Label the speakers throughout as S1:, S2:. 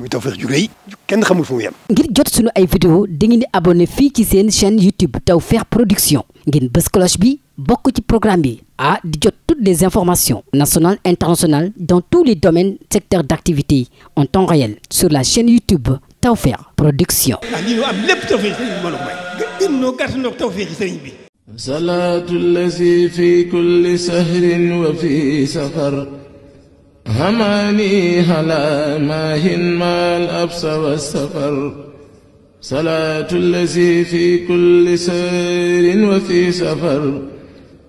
S1: muy Tawfekh ju rëy kenn xamul jot sunu ay bi bokk ci programme bi ah di jot toutes les informations nationales internationales dans tous les domaines secteurs d'activité en temps réel sur la chaîne YouTube Tawfekh Production. ah lii ñu am lépp Tawfekh sëriñ
S2: bi mbooloo fi kulli sahrin wa fi safar. هماني هلا ماهن ما الأبس والسفر صلاة الذي في كل سير وفي سفر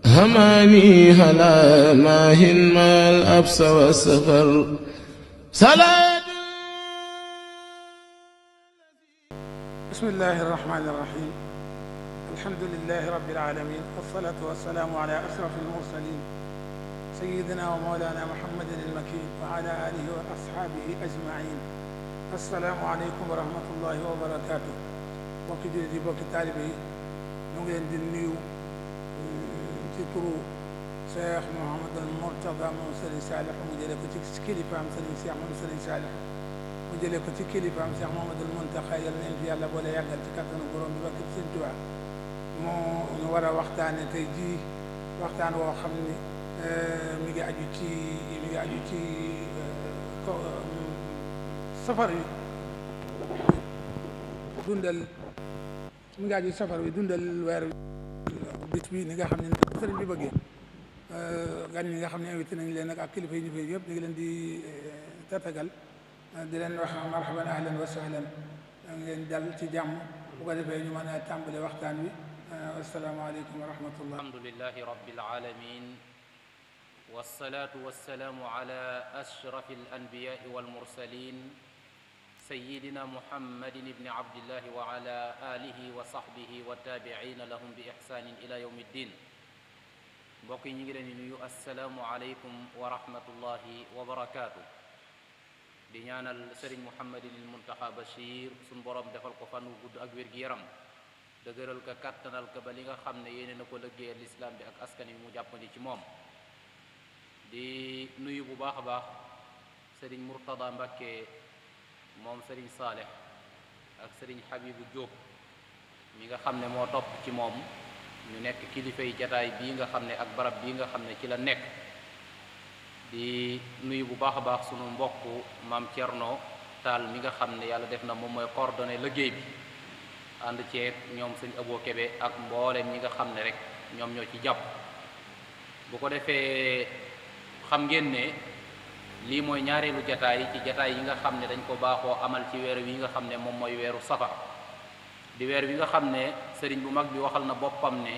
S2: هماني هلا ماهن ما الأبس والسفر صلاة بسم الله الرحمن الرحيم الحمد لله رب العالمين والصلاة والسلام على أشرف المرسلين سيدنا ومولانا محمد المكين وعلى آله وأصحابه أجمعين asalaamaaleykum wa rahmatullahi wa barakaatu bokki jullit yi bokki taalibe yi ñu ngi leen di nuyu ci turu Cheikh Mouhamadul Mourtada moom Serigne Saalix mu jëlee ko ci kilifaam Serigne Cheikh moom Serigne Saalix mu jëlee ko ci kilifaam Cheikh Mouhamadul Mountakha yal nañ fi yàlla boole yàggal ci kattanu borom bi barke Sëriñ Tuubaa moo ñu war a waxtaane tey jii waxtaan woo xam ni Euh, mi ngi aju ci mi ngi aju ci euh, euh, safar wi dundal mi ngi aju safar wi dundal weer wi bis bi ni nga xam ne sëriñ bi bëggee gan ñi nga xam ne invité nañ leen nag ak kilifa yi ñu fay yëpp ñu ngi leen di tatagal di leen wax marhaban ahlan wa sahlan ngi leen dal ci jàmm bu ko defee ñu mën a tàmbale waxtaan wi asalaamaaleykum wa rahmatullah
S3: alhamdulilahi rabbil alamin والصلاة والسلام على أشرف الأنبياء والمرسلين سيدنا محمد بن عبد الله وعلى آله وصحبه والتابعين لهم بإحسان إلى يوم الدين mbokk yi ñu ngi leen di nuyu asalaamualeykum wa rahmatullahi wa barakaatu di ñaanal sëriñ muhammadinil muntaxa bachir suñ boroom defal ko fan wu gudd ak wér-gi-yaram dëgëral ko kàttanal ko ba li nga xam ne yéene na ko lëggéeyal lislaam bi ak askan wi mu jàppandi ci moom di nuyu bu baax a baax sëriñ Murtada Mbàkke moom sëriñ Saalex ak sëriñ Xabibu Jóob mi nga xam ne moo topp ci moom ñu nekk kilifay jataay bii nga xam ne ak barab bii nga xam ne ci la nekk di nuyu bu baax a baax sunu mbokk maam Cerno Taal mi nga xam ne yàlla def na moom mooy coordonné liggéey bi ànd ceeg ñoom sëñ Abo Kebe ak mbooleem mi nga xam ne rek ñoom ñoo ci jàpp bu ko defee xam ngeen ne lii mooy ñaareelu jataay ci jataay yi nga xam ne dañ ko baaxoo amal ci weer wi nga xam ne moom mooy weeru safar di weer wi nga xam ne sëriñ bu mag bi waxal na boppam ne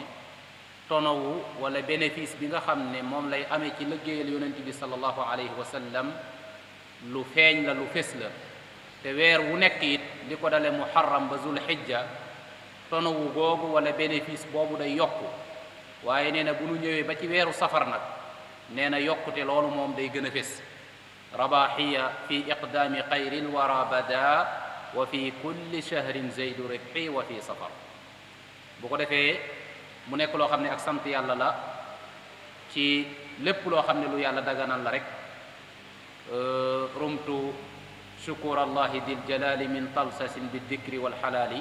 S3: tonowu wala bénéfice bi nga xam ne moom lay amee ci liggéeyal yonent bi sallallahu alayhi wa sallam lu feeñ la lu fés la te weer wu nekk it li ko dale muharram ba zul xijja tonowu googu wala bénéfice boobu day yokku waaye nee na bu ñu ñëwee ba ci weeru safar nag nee na yokkute loolu moom day gën a fés rabaxiya fi iqdaami xayril wara bada wa fi kulli shahrin zeydu ribxi wa fi safar bu ko defee mu nekk loo xam ne ak sant yàlla la ci lépp loo xam ne lu yàlla daganal la rek rumtu shukur allahi dil jalali min talsasin bi dikri wal xalaali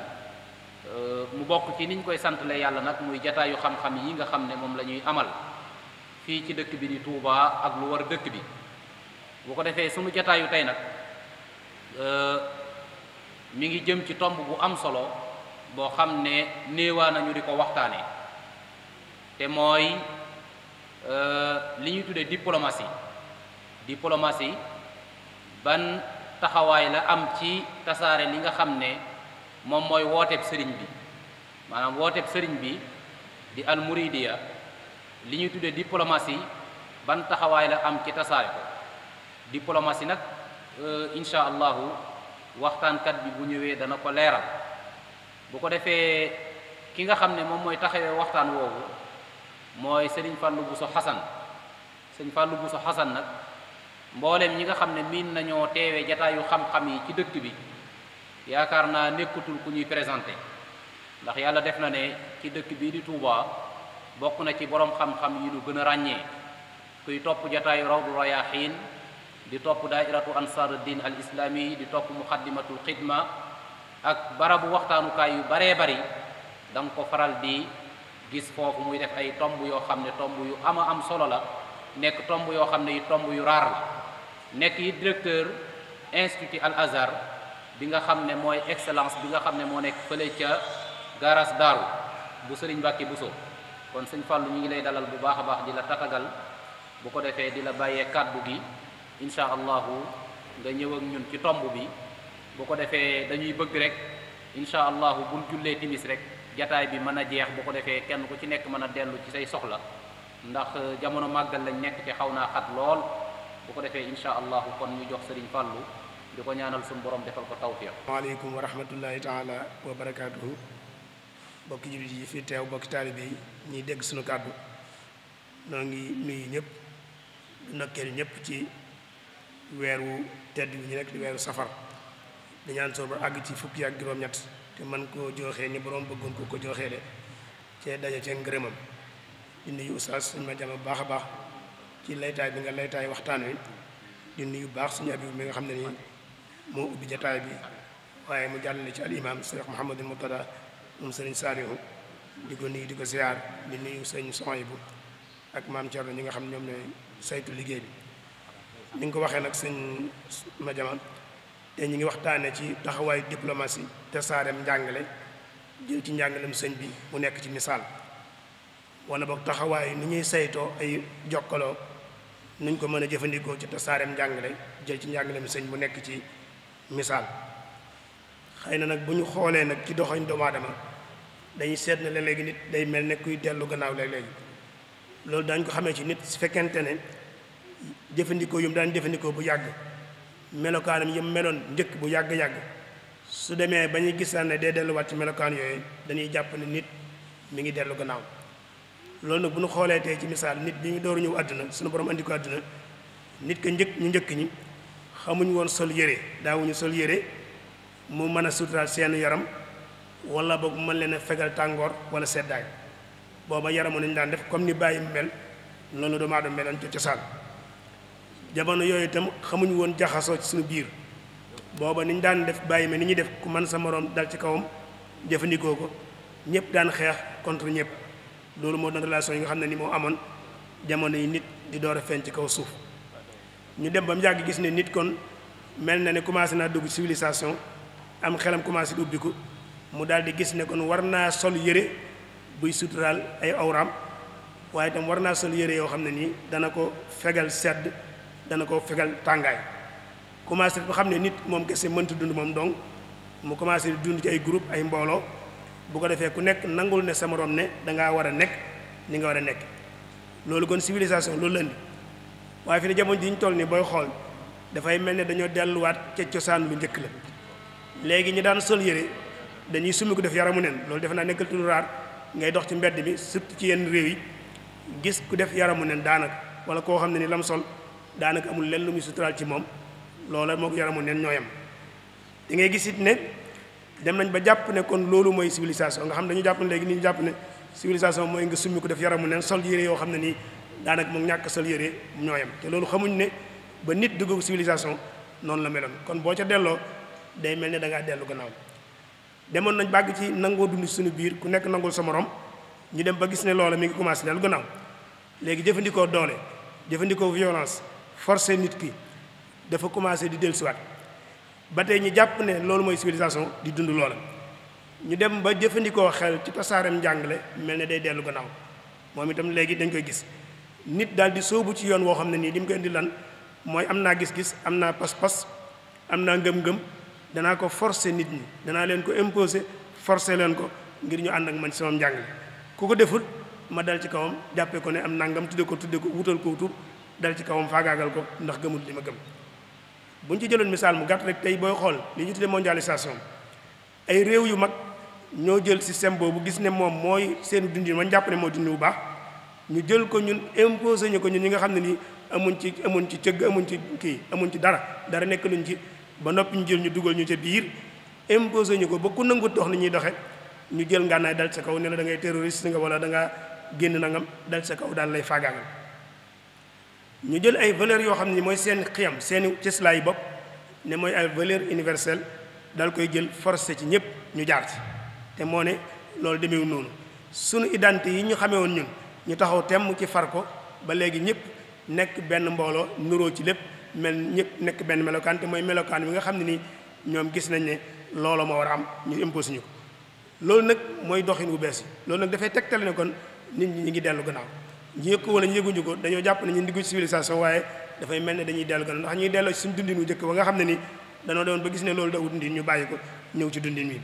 S3: mu bokk ci niñ koy sant le yàlla nag muy jataayu xam-xam yi nga xam ne moom la ñuy amal fii ci dëkk bi di Touba ak lu war dëkk bi bu ko defee sunu jataayu tey nag euh, mi ngi jëm ci tomb bu am solo boo xam ne néewaa nañu di ko waxtaanee te mooy euh, li ñuy tuddee diplomatie diplomatie ban taxawaay la am ci tasaare li nga xam ne moom mooy wooteeb sëriñ bi maanaam wooteeb sëriñ bi di almuridiya li ñuy tuddee diplomatie ban taxawaay la am ci tasaare ko diplomatie nag euh, incha allahu waxtaankat bi bu ñëwee dana ko leeral bu ko defee ki nga xam ne moom mooy taxawee waxtaan woowu mooy sëriñ bu Bousso Xasan sëriñ bu Bousso Xasan nag mboolem ñi nga xam ne miin nañoo teewe jataayu xam-xam yi ci dëkk bi yaakaar naa nekkatul ku ñuy présenté ndax yàlla def na ne ci dëkk bii di Touba. bokk na ci boroom xam-xam yi lu gën a ràññee kuy topp jataayu rawdu rayaxiin di topp daairatu ansaaru diin al islaami di topp muxaddimatul xidma ak barabu waxtaanukaay yu baree bari da ko faral di gis foofu muy def ay tomb yoo xam ne tomb yu ama am solo la nekk tomb yoo xam ne yi tomb yu raar la nekk yi directeur institut al azhar bi nga xam ne mooy excellence bi nga xam ne moo nekk fële ca garas daaru bu sëriñ Mbàkke Buso kon sëñ Fallou ñu ngi lay dalal bu baax a baax di la tatagal bu ko defee di la bàyyee kàddu gi incha allahu nga ñëw ak ñun ci tomb bi bu ko defee dañuy bëgg rek incha allahu buñ jullee timis rek jataay bi mën a jeex bu ko defee kenn ku ci nekk mën a dellu ci say soxla ndax euh, jamono màggal lañ nekk ci xaw naa xat lool bu ko defee incha allahu kon ñu jox sëriñ Fallou di ko ñaanal suñu borom
S1: defal ko tawfiq. waaleykum wa rahmatullahi taala wa barakaatuhu. bokki jullit yi fi teew bokki taalibe yi ñuy dégg suñu kàddu noo ngi nuyu ñëpp du nokkee ñëpp ci weeru tedd bi ñu nekk di weeru safar di ñaan soo ba àgg ci fukki ak juróom-ñett te man koo jooxee ni borom bëggoon ko ko jooxee de cee daje cee ngërëmam di nuyu oustaz suñu ma jàmm bu baax a baax ci laytaay bi nga laytaay waxtaan wi di nuyu bu baax suñu abi mi nga xam ne nii moo ubbi jataay bi waaye mu jàll jàllale ci al imam Cheikh Mouhamadul Murtada moom sëriñ Saalihu di ko nuyu di ko ziar di nuyu sëriñ Soxna bu ak maam Thierno ñi nga xam ñoom ne saytu liggéey bi ni nga ko waxee nag sëñ Madiama te ñu ngi waxtaanee ci taxawaayu diplomatie te saareem ci njàngalem sëñ bi mu nekk ci misaal wala boog taxawaayu ni ñuy saytoo ay jokkaloo nuñ ko mën a jëfandikoo ci tasaareem njàngale jël ci njàngalem sëñ bu nekk ci misaal xëy na nag bu ñu xoolee nag ci doxañ doomu aadama dañuy seet ne léeg-léegi nit day mel ne kuy dellu gannaaw léeg-léegi loolu dañ ko xamee ci nit su fekkente ne jëfandikoo yum daan jëfandikoo bu yàgg melokaanam yum meloon njëkk bu yàgg-yàgg su demee ba ñuy gisaan ne day delluwaat ci melokaan yooyu dañuy jàpp ne nit mu ngi dellu gannaaw loolu nag bu nu xoolee tey ci misaal nit bi ñu dooru ñëw àddina suñu borom andi ko nit ka njëkk ñu njëkk ñi xamuñu woon sol yére daawuñu sol yére mu mën a suturaal seen yaram wala boog man leen a fegal tàngoor wala seddaay booba yaramu nañu daan def comme ni bàyyi mel noonu doomu aadama meloon ci jamono yooyu itam xamuñu woon jaxasoo ci suñu biir booba niñ daan def bàyyi ma ni ñuy def ku man sa moroom ci kawam jëfandikoo ko ñëpp daan xeex contre ñëpp loolu moo doon yi nga xam ne ni moo amoon jamono yi nit di door a feeñ ci kaw suuf ñu dem ba mu yàgg gis ne nit kon mel na ne commencé naa dugg civilisation am xelam commencé di ubbiku mu daal di gis ne kon war naa sol yére buy suturaal ay awraam waaye itam war naa sol yére yoo xam ne nii dana ko fegal sedd dana ko fegal tàngaay commencé ba xam ne nit moom kese mënta dund moom dong mu commencé di dund ci ay groupe ay mbooloo bu ko defee ku nekk nangul ne sa morom ne dangaa war a nekk ni nga war a nekk loolu kon civilisation loolu la indi waaye fi ne jamono ji ñu toll nii booy xool dafay mel ne dañoo delluwaat ca cosaan lu njëkk la léegi ñu daan sol yëre dañuy summi ko def yaramu nen loolu defe naa nekkal lu raar ngay dox ci mbedd bi surtout ci yenn réew yi gis ku def yaramu nen daanaka wala koo xam ne ni lam sol daanaka amul leen lu muy suturaal ci moom loola moo ko yaramu nen ñooyam da ngay gis it ne dem nañ ba jàpp ne kon loolu mooy civilisation nga xam dañu jàpp ne léegi ni jàpp ne civilisation mooy nga summi ko def yaramu nen sol yére yoo xam ne nii daanaka moom ñàkk sol yére ñooyam te loolu xamuñ ne ba nit dugg civilisation noonu la meloon kon boo ca delloo day mel ne dangaa ngaa dellu gannaaw demoon nañ bàgg ci nangoo dund suñu biir ku nekk nangul sa morom ñu dem ba gis ne loola mi ngi commencé dal gannaaw léegi jëfandikoo doole jëfandikoo violence forcé nit ki dafa commencé di dellusiwaat ba tey ñu jàpp ne loolu mooy civilisation di dund loola ñu dem ba jëfandikoo xel ci tasaareem njàngale mel ne day dellu gannaaw moom itam léegi dañ koy gis nit daal di sóobu ci yoon woo xam ne nii li mu koy indi lan mooy am naa gis-gis am naa pas-pas am naa ngëm-ngëm danaa ko forcer nit ñi danaa leen ko imposer forcer leen ko ngir ñu ànd ak man sama njàngale ku ko deful ma dal ci kawam jàppee ko ne am nangam tudde ko tudde ko wutal ko wutul dal ci kawam faagaagal ko ndax gëmul li ma gëm bu ñu ci jëloon misaal mu gàtt rek tey booy xool li ñu tudde mondialisation ay réew yu mag ñoo jël système boobu gis ne moom mooy seen dundin man jàpp ne moo dund bu baax ñu jël ko ñun imposer ñu ko ñun ñi nga xam ne nii amuñ ci amuñ ci cëgg amuñ ci kii amuñ ci dara dara nekk luñ ci ba noppi ñu jël ñu dugal ñu ca biir imposé ñu ko ba ku nangut dox ni ñuy doxe ñu jël ngànnaay dal sa kaw ne la da ngay terroriste nga wala da ngaa génn nangam dal sa kaw daal lay faagaagal ñu jël ay valeur yoo xam ne mooy seen xiyam seen cëslaay bopp ne mooy ay valeur universelle dal koy jël forcé ci ñëpp ñu jaar ci te moo ne loolu demeewul noonu sunu identité yi ñu xamee woon ñun ñu taxaw temm ci far ko ba léegi ñëpp nekk benn mbooloo nuroo ci lépp mel ñëpp nekk benn melokaan te mooy melokaan bi nga xam ne ni ñoom gis nañ ne looloo moo war a am ñu impos ñu ko loolu nag mooy doxin wu bees yi loolu nag dafay tegtale ne kon nit ñi ñu ngi dellu gannaaw ñu yëg ko wala ñu yëguñu ko dañoo jàpp ne ñu ndiggu civilisation waaye dafay mel ne dañuy dellu gannaaw ndax ñuy delloo ci suñu dundin wu jëkk ba nga xam ne ni danoo doon ba gis ne loolu dawut dundin ñu bàyyi ko ñëw ci dundin wi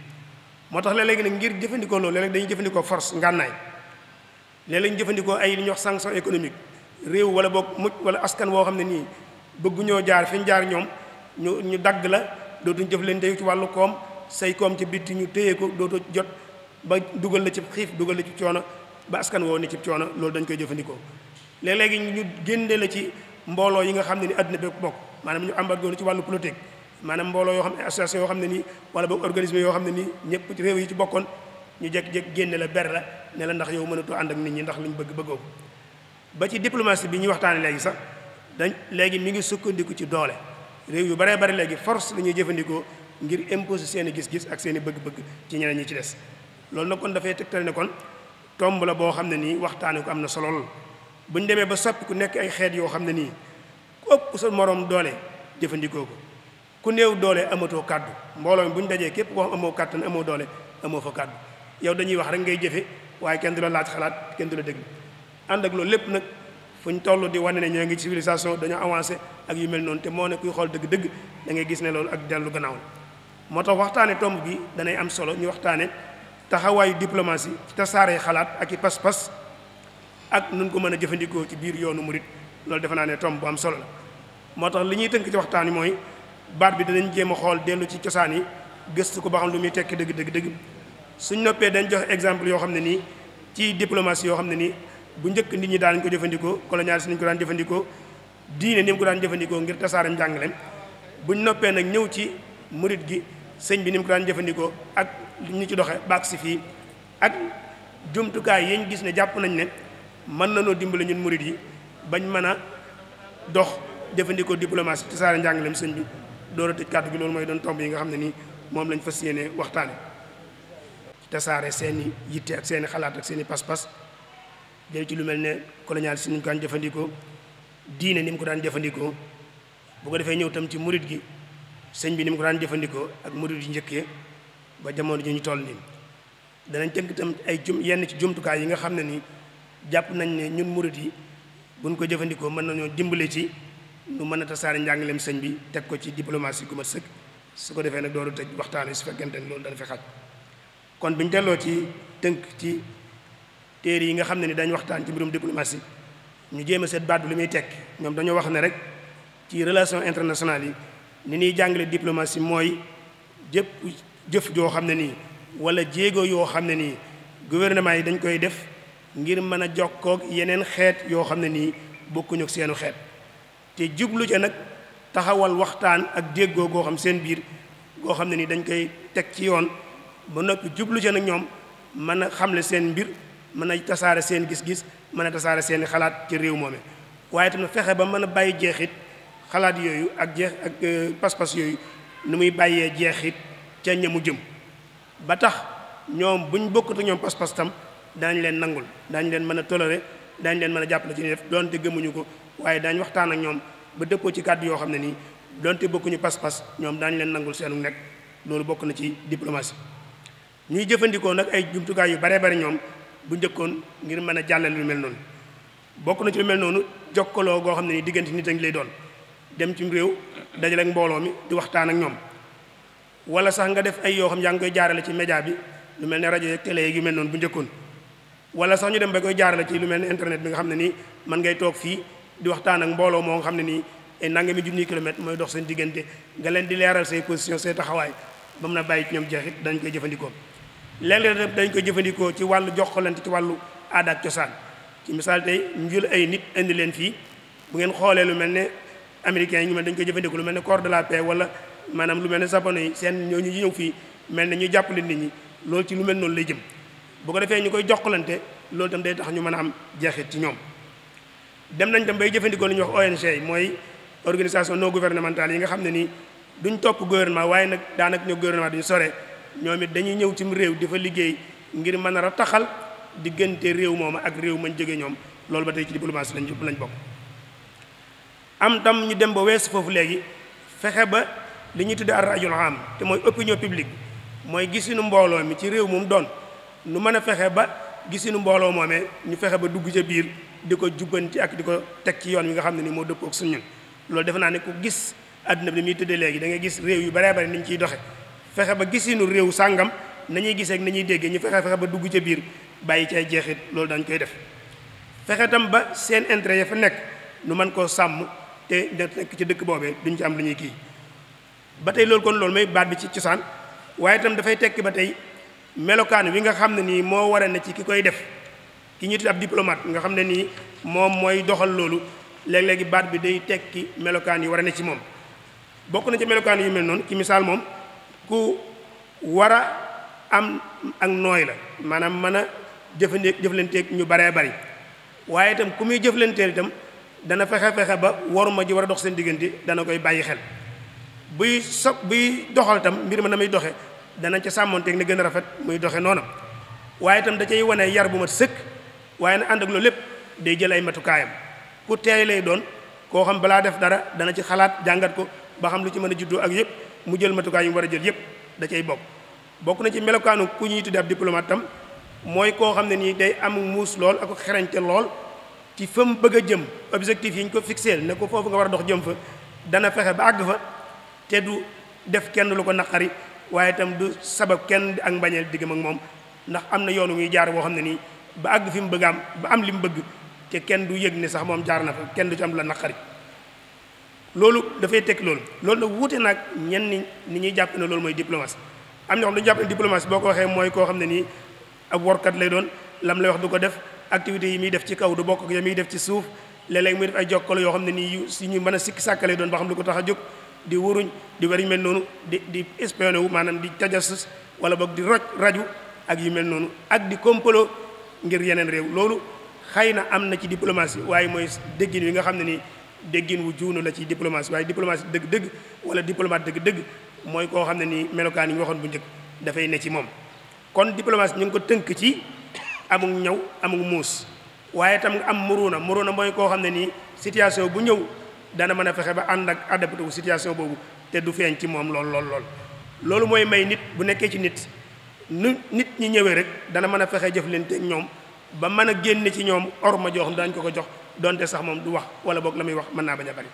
S1: moo tax léeg-léegi nag ngir jëfandikoo loolu léeg-léeg jëfandikoo force ngànnaay léeg-léeg jëfandikoo ay li ñuy wax sanction économique réew wala boog mucc wala askan woo xam ne nii bëgguñoo jaar fi ñu jaar ñoom ñu ñu dagg la jëf dootuñ jëflante ci wàllu koom say koom ci bitti ñu téye ko dootu jot ba dugal la ci xiif dugal la ci coono ba askan woo ni ci coono loolu dañ koy jëfandikoo léeg-léegi ñu génde la ci mbooloo yi nga xam ne ni àddina bi bokk maanaam ñu embargo ci wàllu politique maanaam mbooloo yoo xam ne association yoo xam ne nii wala boog yoo xam ne nii ñëpp réew yi ci bokkoon ñu jekk-jekk génne la ber la ne la ndax yow mënatoo ànd ak nit ñi ndax liñ bëgg bëggoo ba ci diplomatie bi ñuy waxtaane sax dañ léegi mi ngi sukkandiku ci doole réew yu baree bari léegi force la ñuy jëfandikoo ngir imposer seen gis-gis ak seen i bëgg-bëgg ci ñeneen ñi ci des loolu nag kon dafay tegtal ne kon tomb la boo xam ne nii waxtaane ko am na solo lool bu ñu demee ba soppi ku nekk ay xeet yoo xam ne nii ku ëpp sa moroom doole jëfandikoo ko ku new doole amatoo kàddu mbooloo mi bu ñu dajee képp koo xam amoo kàttan amoo doole amoo fa kàddu yow dañuy wax rek ngay jëfe waaye kenn du la xalaat kenn du la déglu ànd ak loolu lépp nag fu ñu di wane ne ñoo ngi civilisation dañoo avancé ak yu mel noonu te moo ne kuy xool dëgg-dëgg dangay gis ne loolu ak dellu gannaaw la moo tax waxtaane tomb bi danay am solo ñu waxtaane taxawaayu diplomatie ci tasaaree xalaat ak i pas-pas ak nun ko mën a jëfandikoo ci biir yoonu murit loolu defe naa ne tomb bu am solo la moo tax li ñuy tënk ci waxtaan yi mooy baat bi danañ jéem a xool dellu ci cosaan yi gëstu ko ba xam lu muy tekki dëgg dëgg dëgg suñ noppee dañ jox exemple yoo xam ne nii ci diplomatie yoo xam ne nii bu njëkk nit ñi daanañ ko jëfandikoo colonialiste nañ ko daan jëfandikoo diine ni mu ko daan jëfandikoo ngir tasaarem njàngaleem buñ noppee nag ñëw ci murit gi sëñ bi ni mu ko daan jëfandikoo ak li ñu ci doxe baak si fii ak jumtukaay yi ñu gis ne jàpp nañ ne mën nañoo dimbale ñun murit yi bañ mën a dox jëfandikoo diplomatie tasaare njàngaleem sëñ bi door a tëj kàddu gi loolu mooy doon tomb yi nga xam ne nii moom lañ fas yéene waxtaane tasaare seen i yitte ak xalaat ak seen i pas jël ci lu mel ne colonial si ni mu ko daan jëfandikoo diine ni mu ko daan jëfandikoo bu ko defee ñëw tam ci murit gi sëñ bi ni mu ko daan jëfandikoo ak murit yu njëkkee ba jamono ji ñu toll nii danañ tënk tam ay jum yenn ci jumtukaay yi nga xam ne ni jàpp nañ ne ñun murit yi buñ ko jëfandikoo mën nañoo dimbale ci nu mën a tasaare njàngaleem sëñ bi teg ko ci diplomatie gu mat sëkk su ko defee nag dooru tëj waxtaane su fekkente ne loolu dana fi xaj ci téere yi nga xam ne ni dañ waxtaan ci mbirum diplomatie ñu jéem a seet baat bi li muy tekk ñoom dañoo wax ne rek ci relation internationale yi ni ñuy jàngale diplomatie mooy jëpp jëf joo xam ne nii wala jéego yoo xam ne nii gouvernement yi dañ koy def ngir mën a jokkook yeneen xeet yoo xam ne nii bokkuñu ak seenu xeet te jublu ca nag taxawal waxtaan ak déggoo goo xam seen biir goo xam ne nii dañ koy teg ci yoon ba noppi jublu ca nag ñoom mën a xamle seen mbir mën a tasaare seen gis-gis mën a tasaare seeni xalaat ci réew moome waaye itam fexe ba mën a bàyyi jeexit xalaat yooyu ak jeex ak euh, pas-pas yooyu nu muy bàyyee jeexit ca mu jëm ba tax ñoom bu ñu bokkut ñoom pas-pas tam daañu leen nangul daañu leen mën a toléré daañu leen mën a jàppale ci ñuy def donte gëmuñu ko waaye daañ waxtaan ak ñoom ba dëppoo ci kàddu yoo xam ne nii donte bokkuñu pas-pas ñoom daañ leen nangul seenu nekk loolu bokk na ci diplomatie ñuy jëfandikoo nag ay jumtukaay yu baree bari ñoom bu njëkkoon ngir mën a jàllale lu mel noonu bokk na ci lu mel noonu jokkaloo goo xam ne ni diggante nit ak lay doon dem cim réew dajale ak mbooloo mi di waxtaan ak ñoom wala sax nga def ay yoo xam yaa koy jaarale ci média bi lu mel ne rajo yeeg télé yeeg mel noonu bu njëkkoon wala sax ñu dem ba koy jaarale ci lu mel ne internet bi nga xam ne nii man ngay toog fii di waxtaan ak mbooloo moo xam ne nii ay nangami junniy kilomètre mooy dox seen diggante nga leen di leeral say position say taxawaay ba mun a bàyyi ci ñoom jeexit dañ koy jëfandikoo léeg dañ ko jëfandikoo ci wàllu jokkalante ci wàllu aada cosaan ci misaal tey ñu jël ay nit indi leen fii bu ngeen xoolee lu mel ne américains yi ñu mel dañ ko jëfandikoo lu mel ne corps de la paix wala maanaam lu mel ne sapano yi seen ñu ñëw fii mel ne ñu jàppale nit ñi loolu ci lu mel noonu lay jëm bu ko defee ñu koy jokkalante loolu tam day tax ñu mën a am jeexit ci ñoom dem nañ tam bay jëfandikoo li ñuy wax ONG yi mooy organisation non gouvernementale yi nga xam ne nii duñ topp gouvernement waaye nag daanaka ñoo gouvernement duñu sore ñoom it dañuy ñëw cim réew di fa liggéey ngir mën a rataxal diggante réew mooma ak réew mañ jóge ñoom loolu ma tey ci diplomatie lañ lañ bokk. am tam ñu dem ba weesu foofu léegi fexe ba li ñuy tuddee ar-ra'yul 'aam te mooy opinion publique mooy gis gisinu mbooloo mi ci réew moom doon nu mën a fexe ba gisinu mbooloo moomee ñu fexe ba dugg ca biir di ko jubbanti ak di ko teg ci yoon wi nga xam ne ni moo dëppoo ak loolu defe naa ne ko gis àdduna bi muy tëddee léegi da ngay gis réew yu baree bari ni ciy doxe fexe ba gisinu réew sàngam nañuy gisee ak nañuy déggee ñu fexe fexe ba dugg ca biir bàyyi cay jeexit loolu dañ koy def fexe tam ba seen intérêt ya fa nekk nu man koo sàmm te nekk ci dëkk boobee duñu ci am lu ñuy kii ba tey loolu kon loolu mooy baat bi ci cosaan waaye itam dafay tekki ba tey melokaan wi nga xam ne nii moo war a ne ci ki koy def ki ñu tudd ab diplomate nga xam ne nii moom mooy doxal loolu léeg-léegi baat bi day tekki melokaan yi war a ci moom bokk na ci melokaan yu mel noonu ci misaal moom ku war a am ak nooy la maanaam mën a jëfandikoo jëflanteeg ñu baree bari waaye itam ku muy jëflanteel itam dana fexe fexe ba waruma ji war a dox seen diggante dana koy bàyyi xel buy so buy doxal itam mbir ma na muy doxe danañ ca sàmmonteeg ne gën a rafet muy doxe noonu waaye itam da cay wane yar bu mat sëkk waaye na ànd ak loolu lépp day jël ay matukaayam ku teey lay doon koo xam balaa def dara dana ci xalaat jàngat ko ba xam lu ci mën a juddoo ak yëpp mu jël matukaay yu mu war a jël yëpp da cay bokk bokk na ci melokaanu ku ñuy tudde ab diplomate tam mooy koo xam ne nii day amul muus lool ak xerañte lool ci fa mu bëgg a jëm objectif yi ñu ko fixeel ne ko foofu nga war a dox jëm fa dana fexe ba àgg fa te du def kenn lu ko naqari waaye itam du sabab kenn ak mbañeel diggam ak moom ndax am na yoonu muy jaar woo xam ne nii ba àgg fi mu bëgg am ba am li mu bëgg te kenn du yëg ne sax moom jaar na fa kenn du ci am la naqari loolu dafay teg loolu loolu nag wuute nag ñenn ni ñuy jàpp ne loolu mooy diplomatie am na xam dañu jàpp ne diplomatie boo ko waxee mooy koo xam ne nii ab workat lay doon lam lay wax du ko def activités yi muy def ci kaw du bokk ak ya muy def ci suuf léeg-léeg muy def ay jokkalo yoo xam ne nii yu si ñu mën a sikki sàkk lay doon ba xam lu ko tax a jóg di wuruñ di wariñ mel noonu di di espionné wu maanaam di tajassus wala boog di roj raju ak yu mel noonu ak di complot ngir yeneen réew loolu xëy na am na ci diplomatie waaye mooy déggin wi nga xam ne nii déggin wu juunu la ci diplomatie waaye diplomatie dëgg-dëgg wala diplomate dëgg-dëgg mooy koo xam ne nii melokaan yi ñu waxoon bu njëkk dafay ne ci moom kon diplomatie ñu ngi ko tënk ci amug ñëw amug muus waaye tam am muruuna muruuna mooy koo xam ne nii situation bu ñëw dana mën a fexe ba ànd ak adapté wu situation boobu te du feeñ ci moom lool lool lool loolu mooy may nit bu nekkee ci nit nu nit ñi ñëwee rek dana mën a fexe jëflante ak ñoom ba mën a génne ci ñoom orma jox dañ ko ko jox donte sax moom du wax wala boog la muy wax mën naa bañ a bari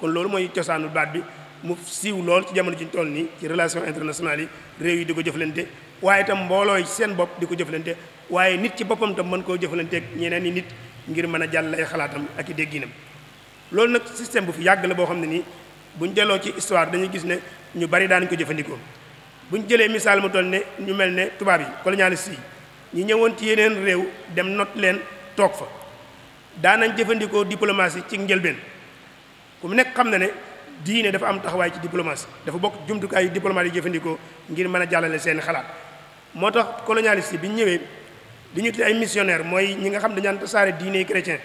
S1: kon loolu mooy cosaanu baat bi mu siiw lool ci jamono ji ñu toll nii ci relation internationale yi réew yi di ko jëflante waaye itam mboolooy seen bopp di ko jëflante waaye nit ci boppam tam mën koo jëflanteeg ñeneen i nit ngir mën a jàll ay xalaatam ak i dégginam loolu nag système bu fi yàgg la boo xam ne nii bu buñ delloo ci histoire dañuy gis ne ñu bari daan ko jëfandikoo buñ jëlee misaal mu ne ñu mel ne tubaab yi colonialiste yi ñi ñëwoon ci yeneen réew dem not leen toog fa daanañ jëfandikoo diplomatie ci njëlbeen ku mu nekk xam na ne diine dafa am taxawaay ci diplomatie dafa bokk jumtukaay yu diplomate yi jëfandikoo ngir mën a jàllale seen xalaat moo tax colonialiste bi ñu ñëwee li ñu tuddee ay missionnaire mooy ñi nga xam dañu daan tasaare diine chrétien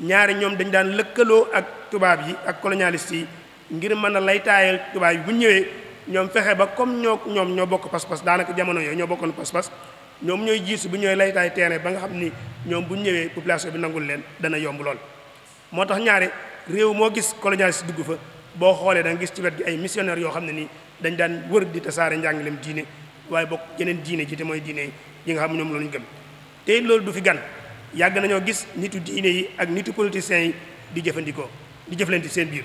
S1: ñaari ñoom dañ daan lëkkaloo ak tubaab yi ak colonialiste yi ngir mën a lay laytaayal tubaab yi bu ñëwee ñoom fexe ba comme ñoo ñoom ñoo bokk pas-pas daanaka jamono yooyu ñoo bokkoon pas-pas ñoom ñooy jiisu bu ñooy laytaay terrain ba nga xam ni ñoom bu ñu ñëwee population bi nangul leen dana yomb lool. moo tax ñaare réew moo gis colonialiste dugg fa boo xoolee da gis ci wet bi ay missionnaires yoo xam ne nii dañ daan wër di tasaare njàngaleem diine waaye bokk yeneen diine ji te mooy diine yi nga xam ñoom loolu ñu gëm te loolu du fi gan yàgg nañoo gis nitu diine yi ak nitu politiciens yi di jëfandikoo di jëflante seen biir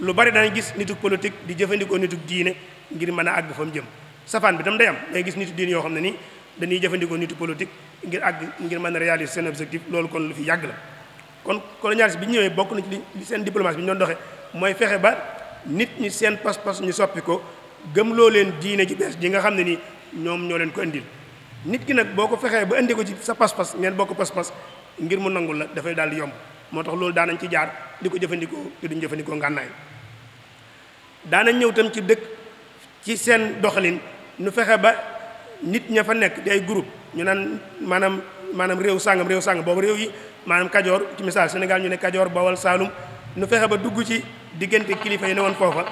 S1: lu bari danañ gis nitu politique di jëfandikoo nitu diine ngir mën a àgg fa jëm safaan bi tam day am day gis nitu diine yoo xam ne nii dañuy jëfandikoo nitu politique ngir àgg ngir mën a réaliser seen objectif loolu kon lu fi yàgg la kon colonialisme bi ñëwee bokk nañ ci seen diplomatie bi ñu doon doxee mooy fexe ba nit ñi seen pas-pas ñu soppi gëm loo leen diine ji bees ji nga xam ne ni ñoom ñoo leen ko indil nit ki nag boo ko fexee ba indi ko ci sa pas-pas ngeen bokk pas-pas ngir mu nangul la dafay daal di yomb moo tax loolu daanañ ci jaar di ko jëfandikoo te duñ jëfandikoo ngànnaay daanañ ñëw tam ci dëkk ci seen doxalin nu fexe ba nit ña fa nekk di ay groupe ñu naan maanaam maanaam réew sàngam réew sàngam boobu réew yi maanaam kajoor ci misaal Sénégal ñu ne kajoor bawal saalum nu fexe ba dugg ci diggante kilifa yi ne woon foofa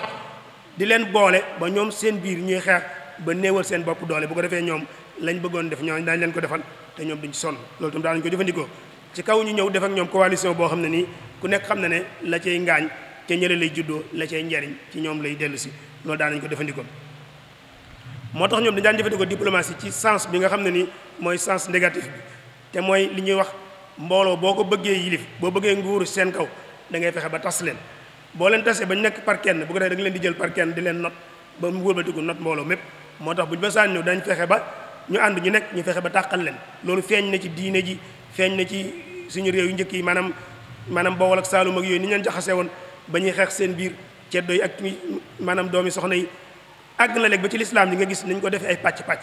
S1: di leen boole ba ñoom seen biir ñuy xeex ba néewal seen bopp doole bu ko defee ñoom lañ bëggoon def ñooñu leen ko defal te ñoom duñ sonn loolu tam daanañu ko jëfandikoo ci kaw ñu ñëw def ak ñoom coalition boo xam ne nii ku nekk xam ne ne la cay ngaañ ca ñële lay juddoo la cay njariñ ci ñoom lay dellu si loolu daanañu ko jëfandikoo moo tax ñoom dañu daan jëfandikoo diplomatie ci sens bi nga xam ne ni mooy sens négatif bi te mooy li ñuy wax mbooloo boo ko bëggee yilif boo bëggee nguuru seen kaw da ngay fexe ba tas leen boo leen tasee ba ñu nekk par kenn bu ko defee leen di jël par kenn di leen not ba mu wëlbatiku not mbooloo mépp moo tax bu ñu masaan ñëw dañ fexe ba ñu ànd ñu nekk ñu fexe ba tàqal leen loolu feeñ na ci diine ji feeñ na ci suñu réew yu njëkk yi maanaam maanaam Bawol ak Saalum ak ni ñu jaxasee woon ba ñuy seen biir ceddo yi ak maanaam doomi soxna yi àgg na léeg ba ci lislaam bi nga gis nañ ko defee ay pàcc-pàcc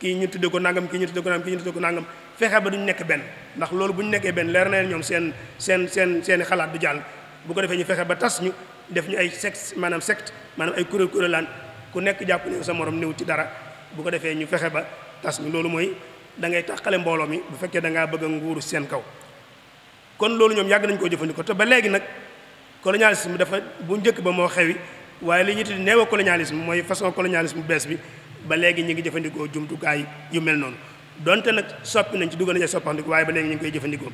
S1: kii ñu tudde ko nangam ki ñu tudde ko nangam ñu tudde ko nangam fexe ba duñ nekk benn ndax loolu bu ñu nekkee benn leer na leen ñoom seen seen seen seen xalaat du jàll bu ko defee ñu fexe ba tas ñu def ñu ay secte maanaam secte maanaam ay kuréel kuréelaan ku nekk jàpp ne sa morom néew ci dara bu ko defee ñu fexe ba tas ñu loolu mooy dangay ngay tàqale mbooloo mi bu fekkee da ngaa bëgg a nguuru seen kaw kon loolu ñoom yàgg nañu koo jëfandikoo te ba léegi nag colonialisme dafa bu njëkk ba moo xewi waaye li ñu tudd néocolonialisme mooy façon colonialisme bees bi ba léegi ñu ngi jëfandikoo jumtukaay yu mel noonu donte nag soppi nañ ci dugg nañu soppandiku waaye ba léegi koy jëfandikoo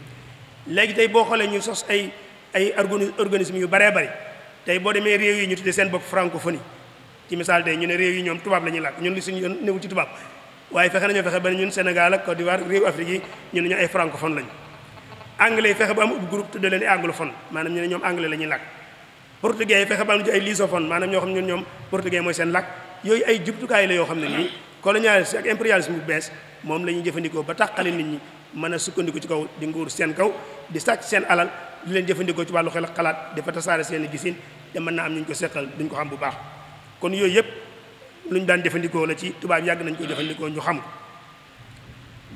S1: léegi tey boo xoolee ñu sos ay ay organisme yu baree bari tey boo demee réew yi ñu tuddee seen bopp francophonie ci misaal tey ñu ne réew yi ñoom tubaab la ñuy làkk ñun li suñu yoon newul ci tubaab waaye fexe nañoo fexe ba ñun Sénégal ak Côte d'Ivoire réew Afrique yi ñu ne ñu ay francophone lañu anglais fexe ba am ub groupe tudde leen anglophone maanaam ñu ne ñoom anglais la ñuy làkk portugais yi fexe bal ñu ay lusophone maanaam ñoo xam ñun ñoom portugais mooy seen làkk yooyu ay jubtukaay la yoo xam ne nii colonialisme ak impérialisme bu bees moom la ñuy jëfandikoo ba tàqali nit ñi mën a sukkandiku ci kaw di nguur seen kaw di sàcc seen alal di leen jëfandikoo ci wàllu xel ak xalaat dafa tasaare seen gisin te mën naa am ñu ko seqal duñ ko xam bu baax kon yooyu yëpp lu ñu daan jëfandikoo la ci tubaab yàgg nañ ko jëfandikoo ñu xam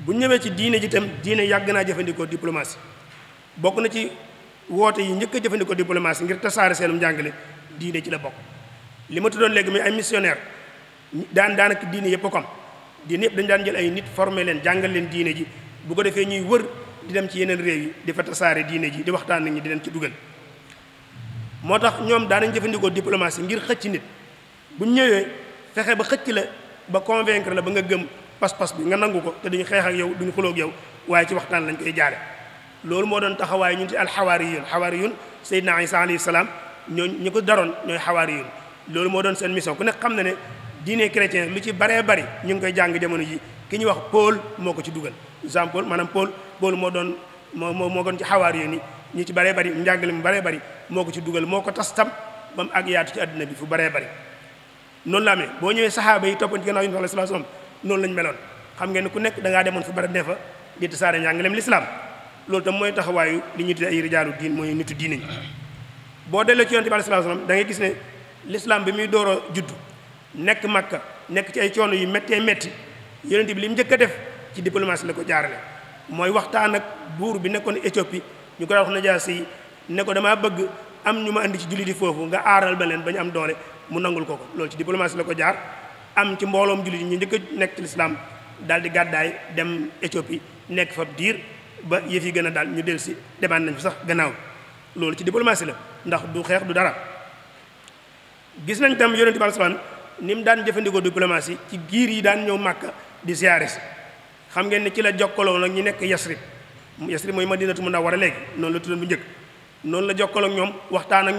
S1: bu ñëwee ci diine ji tam diine yàgg naa jëfandikoo diplomatie bokk na ci woote yi njëkk a jëfandikoo diplomatie ngir tasaare seenum njàngale diine ci la bokk li ma tuddoon léegi muy ay missionnaire daan daanaka diine yëpp a kom diine yëpp dañu daan jël ay nit formé leen jàngal leen diine ji bu ko defee ñuy wër di dem ci yeneen réew yi di fa tasaare diine ji di waxtaan nit ñi di leen ci dugal moo tax ñoom daanañ jëfandikoo diplomatie ngir xëcc nit bu ñëwee fexe ba xëcc la ba convaincre la ba nga gëm pas-pas bi nga nangu ko te duñu xeex ak yow duñu xuloo yow waaye ci lañ koy jaare loolu moo doon taxawaay ñun ci alxawaariyun xawaariyun Seydina Isa alayhi salaam ñoo ñu ko daroon ñooy xawaariyun loolu moo doon seen mission ku nekk xam ne ne diine chrétien lu ci baree bari ñu ngi koy jàng jamono ji ki ñuy wax Paul moo ko ci dugal Jean Paul maanaam pool Paul moo doon moo moo moo doon ci yoon yi ñu ci baree bari njàngale mu baree bari moo ko ci dugal moo ko tas tam ba mu ak yaatu ci àdduna bi fu baree bari noonu la amee boo ñëwee saxaaba yi toppan ci gannaaw yonent bi sallallahu noonu lañ meloon xam ngeen ne ku nekk da ngaa demoon fu barab ne fa di tasaare njàngaleem lislaam loolu tam mooy taxawaayu li ñuy tuddee ay rijaalu diin mooy nitu diine ñi boo delloo ci yonent bi aleyhi salaatu salaam da gis ne lislaam bi muy door juddu nekk makka nekk ci ay coono yu méttee métti yonent bi li mu njëkk a def ci diplomatie la ko jaarale mooy waxtaan ak buur bi nekkoon Éthiopie ñu ko daa wax Najaasi yi ne damaa bëgg am ñu ma indi ci jullit yi foofu nga aaral ba ba ñu am doole mu nangul ko ko loolu ci diplomatie la ko jaar am ci mbooloom jullit ñu njëkk nekk ci lislaam daal di gàddaay dem Éthiopie nekk fa diir ba yëf yi gën a daal ñu dellu si demaat nañ fi sax gannaaw loolu ci diplomatie la ndax du xeex du dara gis nañ tam yonente bi alayhi ni mu daan jëfandikoo diplomatie ci giir yi daan ñëw màkka di siyaare si xam ngeen ne ci la jokkaloo nag ñu nekk yasrib yasrib mooy madinatu munawwara léegi noonu la tuddoon bu njëkk noonu la jokkaloo ñoom waxtaan ak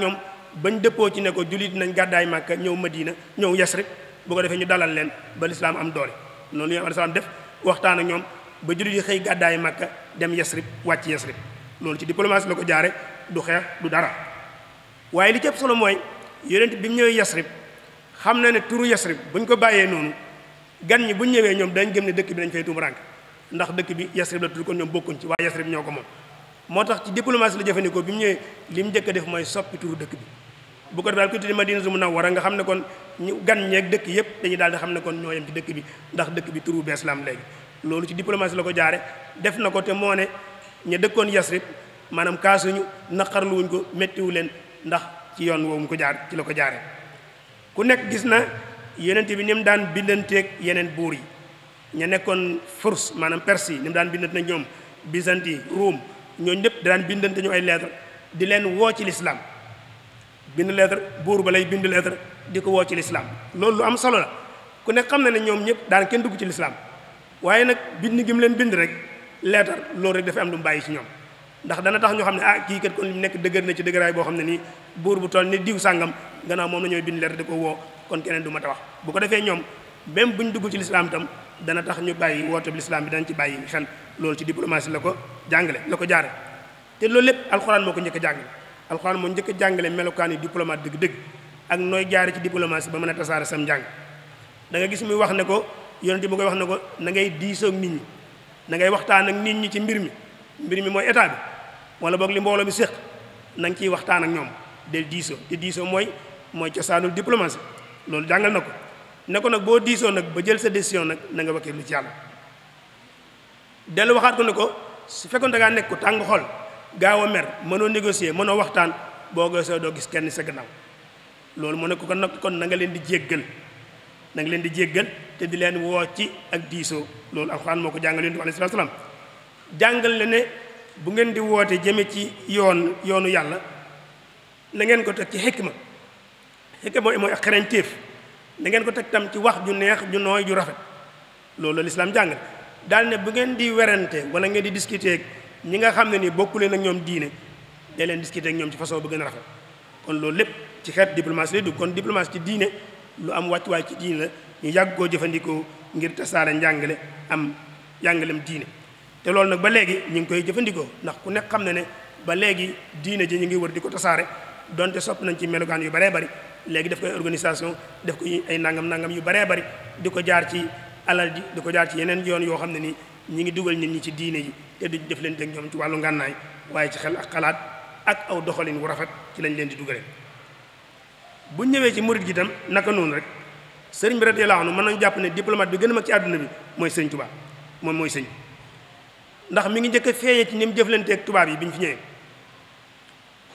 S1: bañ dëppoo ci ne ko nañ gàddaay màkka ñëw madina ñëw yasrib bu ko defee ñu dalal leen ba lislaam am doole noonu yoon alayhi salaam def waxtaan ak ñoom ba jullit yi xëy gàddaay màkka dem yasrib wàcc yasrib loolu ci diplomatie la ko jaare du xeex du dara waaye li ci ëpp solo mooy yonent bi mu ñëwee yasrib xam na ni turu yasrib bu ñu ko bàyyee noonu gan ñi bu ñu ñëwee ñoom dañ gëm ne dëkk bi dañ fay tumurànk ndax dëkk bi yasrib kon ñoom ci waa yasrib ñoo ko moom moo tax ci diplomatie la jëfandikoo bi ñëwee li mu njëkk def mooy soppi dëkk bi bu ko defee daal ko tudde Madinatu Munawwara nga xam ne kon ñu gan ñeeg dëkk yëpp daal di xam ne kon ñoo yem ci dëkk bi ndax dëkk bi turu bees la am léegi loolu ci diplomatie la ko jaare def na ko te moo ne ña dëkkoon yasrib maanaam kaasuñu naqarluwuñ ko méttiwu leen ndax ci yoon woowu ko jaar ci la ko jaare ku nekk gis na yenent bi ni mu daan bindanteeg yeneen buur yi ña nekkoon furs maanaam perse yi ni daan bindante na ñoom byzanti yi ruum ñooñu ñëpp daan bindante ñu ay lettre di leen woo ci lislaam bind lettre buur ba lay bind lettre di ko woo ci lislaam loolu lu am solo la ku nekk xam na ne ñoom ñëpp daan kenn dugg ci lislaam waaye nag bind gi mu leen bind rek leetar loolu rek dafay am lu mu bàyyi ci ñoom ndax dana tax ñoo xam ne ah kii kat kon li mu nekk dëgër na ci dëgëraay boo xam ne nii buur bu toll ni diw sàngam gannaaw moom la ñooy bind leetar di ko woo kon keneen du ma ta wax bu ko defee ñoom même buñ dugg ci lislaam itam dana tax ñu bàyyi woote bi lislaam bi dana ci bàyyi xel loolu ci diplomatie la ko jàngale la ko jaare te loolu lépp alxuraan moo ko njëkk a jàngale alxuraan moo njëkk a melokaan yi diplomate dëgg-dëgg ak nooy jaare ci diplomatie ba mën a tasaare sam njàng da nga gis muy wax ne ko yonente bi koy wax na ko na ngay diisoo ak nit ñi na ngay waxtaan ak nit ñi ci mbir mi mbir mi mooy état bi wala boog li mbooloo mi séq na nga ciy waxtaan ak ñoom de diisoo te diisoo mooy mooy cosaanul diplomatie loolu jàngal na ko ne nag boo diisoo nag ba jël sa décision nag na nga wakkilu ci yàlla dellu waxaat ko ne ko su fekkoon da ngaa nekk ku tàng gaaw a mer mënoo négocier mënoo waxtaan boo gëstoo doo gis kenn sa gannaaw loolu mu ne ko kon nag kon na nga leen di jéggal da leen di jéggal te di leen woo ci ak diisoo loolu ak alxuraan moo ko jàngal yonent bi alayhi salaam jàngal la ne bu ngeen di wootee jëme ci yoon yoonu yàlla na ngeen ko teg ci xikma xikma mooy ak xereñteef na ngeen ko teg tam ci wax ju neex ju nooy ju rafet loolu la lislaam jàngal daal ne bu ngeen di werante wala ngeen di discuter ñi nga xam ne ni bokku leen ak ñoom diine day leen discuter ak ñoom ci façon bu gën a rafet kon loolu lépp ci xeet diplomatie lay kon diplomatie ci diine lu am wàcc ci diine la ñu yàgg koo jëfandikoo ngir tasaare njàngale am njàngalem diine te loolu nag ba léegi ñu ngi koy jëfandikoo ndax ku nekk xam ne ne ba léegi diine ji ñu ngi wër di ko tasaare donte sopp nañ ci melokaan yu baree bari léegi daf koy organisation def ko ay nangam nangam yu baree bari di ko jaar ci alal ji di ko jaar ci yeneen yoon yoo xam ne nii ñu ngi dugal nit ñi ci diine ji te du def leen teg ñoom ci wàllu ngànnaay waaye ci xel ak xalaat ak aw doxalin wu rafet ci lañ leen di dugalee bu ñëwee ci murit gi itam naka noonu rek sëriñ bi radiyallahu anhu mën nañ jàpp ne diplomate bi gën a mag ci àdduna bi mooy sëriñ Tuubaa moom mooy sëñ ndax mu ngi njëkk a feeñee ci ni mu jëflanteeg tubaab yi bi ñu fi ñëwee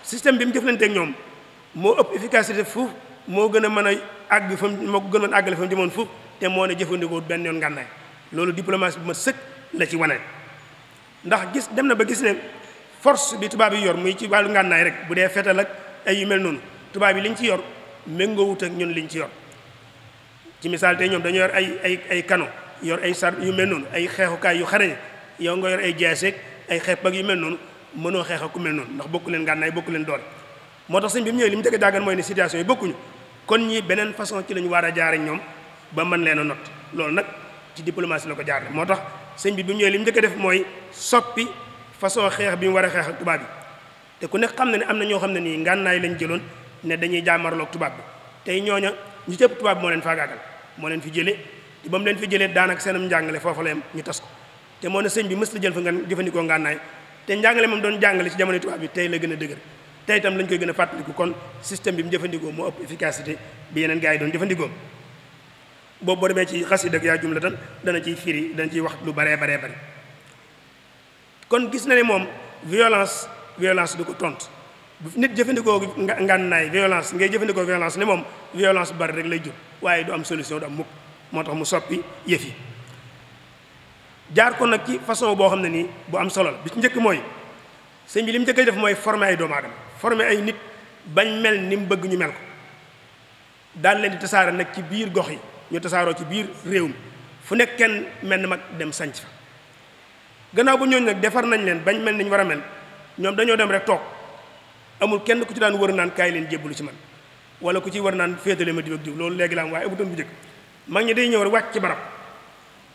S1: système bi mu jëflanteeg ñoom moo ëpp efficacité foofu moo gën a mën a àgg fa moo gën a mën a àggale fa mu jëmoon foofu te moo ne jëfandikoo benn yoon ngànnaay loolu diplomatie bu ma sëkk la ci wane. ndax gis dem na ba gis ne force bi tubaab yi yor muy ci wàllu ngànnaay rek bu dee fetal ak ay yu noonu tubaab yi liñ ci yor méngoowut ak ñun liñ ci yor ci misaal tey ñoom dañoo yor ay ay ay kano yor ay sar yu mel noonu ay xeexukaay yu xarañ yow nga yor ay jaaseeg ay xeex bag yu mel noonu mënoo xeex ak ku mel noonu ndax bokku leen gànnaay bokku leen doole moo tax sëñ bi mu li mu tëgg daagan mooy ne situation yi bokkuñu kon ñii beneen façon ci la ñu war a ñoom ba mën leen a not loolu nag ci diplomatie la ko jaarale moo tax sëñ bi bi ñëwee li mu njëkk def mooy soppi façon xeex bi mu war a xeex ak tubaab bi te ku nekk xam na ne am na ñoo xam ne nii ngànnaay lañ jëloon ne dañuy jàmmarloog tubaab bi tey ñooña ñu cëpp tubaab moo leen faagaagal moo leen fi jëlee te ba mu leen fi jëlee daanaka seenam njàngale foofu la ñu tas ko te moo ne sëñ bi mës la jël fa nga jëfandikoo ngànnaay te njàngale moom doon jàngale ci jamono tubaab bi tey la gën a dëgër tey itam lañ koy gën a fàttaliku kon système bi mu jëfandikoo moo ëpp efficacité bi yeneen gars yi doon jëfandikoo boobu boo demee ci xasida ak yaa jumla tan dana ciy firi dana ciy wax lu baree baree bari gis na ne moom violence violence du ko tontu bu nit jëfandikoo ngànnaay violence ngay jëfandikoo violence ne moom violence bari rek lay jur waaye du am solution du am mukk moo tax mu soppi yëf yi jaar ko nag ci façon boo xam ne nii bu am solo bi ci njëkk mooy sëñ bi li mu njëkk def mooy forme ay doomu aadama former ay nit bañ mel ni mu bëgg ñu mel ko daan leen di tasaare nag ci biir gox yi ñu tasaaroo ci biir réew mi fu nekk kenn mel ni mag dem sanc fa gannaaw bu ñooñu nag defar nañ leen bañ mel ni war a mel ñoom dañoo dem rek toog. amul kenn ku ci daan wër naan kaay leen jébbalu ci man wala ku ci war naan féetalee ma diw ak diw loolu léegi la am waaye amutoon bu njëkk mag ñi day ñëw rek wàcc ci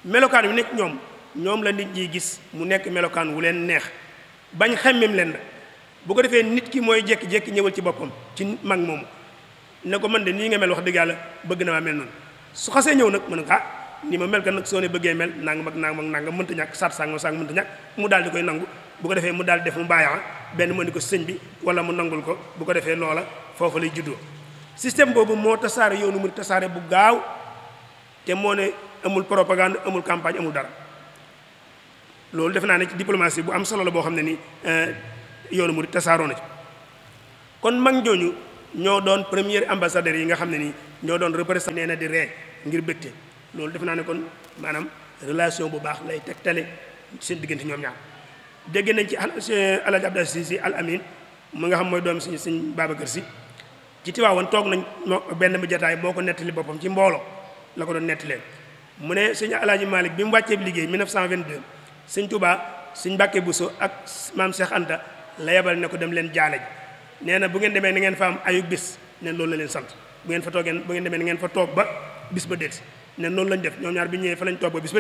S1: melokaan yu nekk ñoom ñoom la nit ñiy gis mu nekk melokaan wu leen neex bañ xemmem leen la ko defee nit ki mooy jékki-jékki ñëwal ci boppam ci mag moomu ne ko man de nii nga mel wax dëgg bëgg na maa mel noonu su xasee ñëw nag mën nga ah ni ma mel kan nag soo ne bëggee mel nang ak nangam ak nangam mënta ñàkk sat sàngam sàng mënta ñàkk mu daal koy nangu bu ko defee mu daal def mu bàyyi ah, benn mu indi ko sëñ bi wala mu nangul ko bu ko defee loola foofu lay juddoo système boobu moo tasaare yoonu mu tasaare bu gaaw te moo ne amul propagande amul campagne amul dara loolu def naa ne ci diplomatie bu am solo la boo xam ne ni euh, yoonu mu tasaaroo na ci kon mag ñooñu ñoo doon premier ambassadeur yi nga xam ne ni ñoo doon représenté nee na di ree ngir bégte loolu def naa ne kon maanaam relation bu baax lay teg tele seen diggante ñoom ñaar dégg nañ ci alaaji Abdou Aziz Sy Al Amin mu nga xam mooy doom si sëñ Babacar Sy ci Tiwaawan toog nañ benn bi jataay moo ko nettali boppam ci mbooloo la ko doon nett leen mu ne sëñ alaaji Malick bi mu liggéey wàccee bi liggéey 1922 sëñ Touba sëñ Mbàkke Bousso ak maam Cheikh Anta la yebal ne ko dem leen jaale ji nee na bu ngeen demee na ngeen fa am ayu bis neen loolu la leen sant bu ngeen fa toogeen bu ngeen demee na ngeen fa toog ba bis ba delsi lañ def ñoom ñaar bi ñëwee fa lañ toog ba bis ba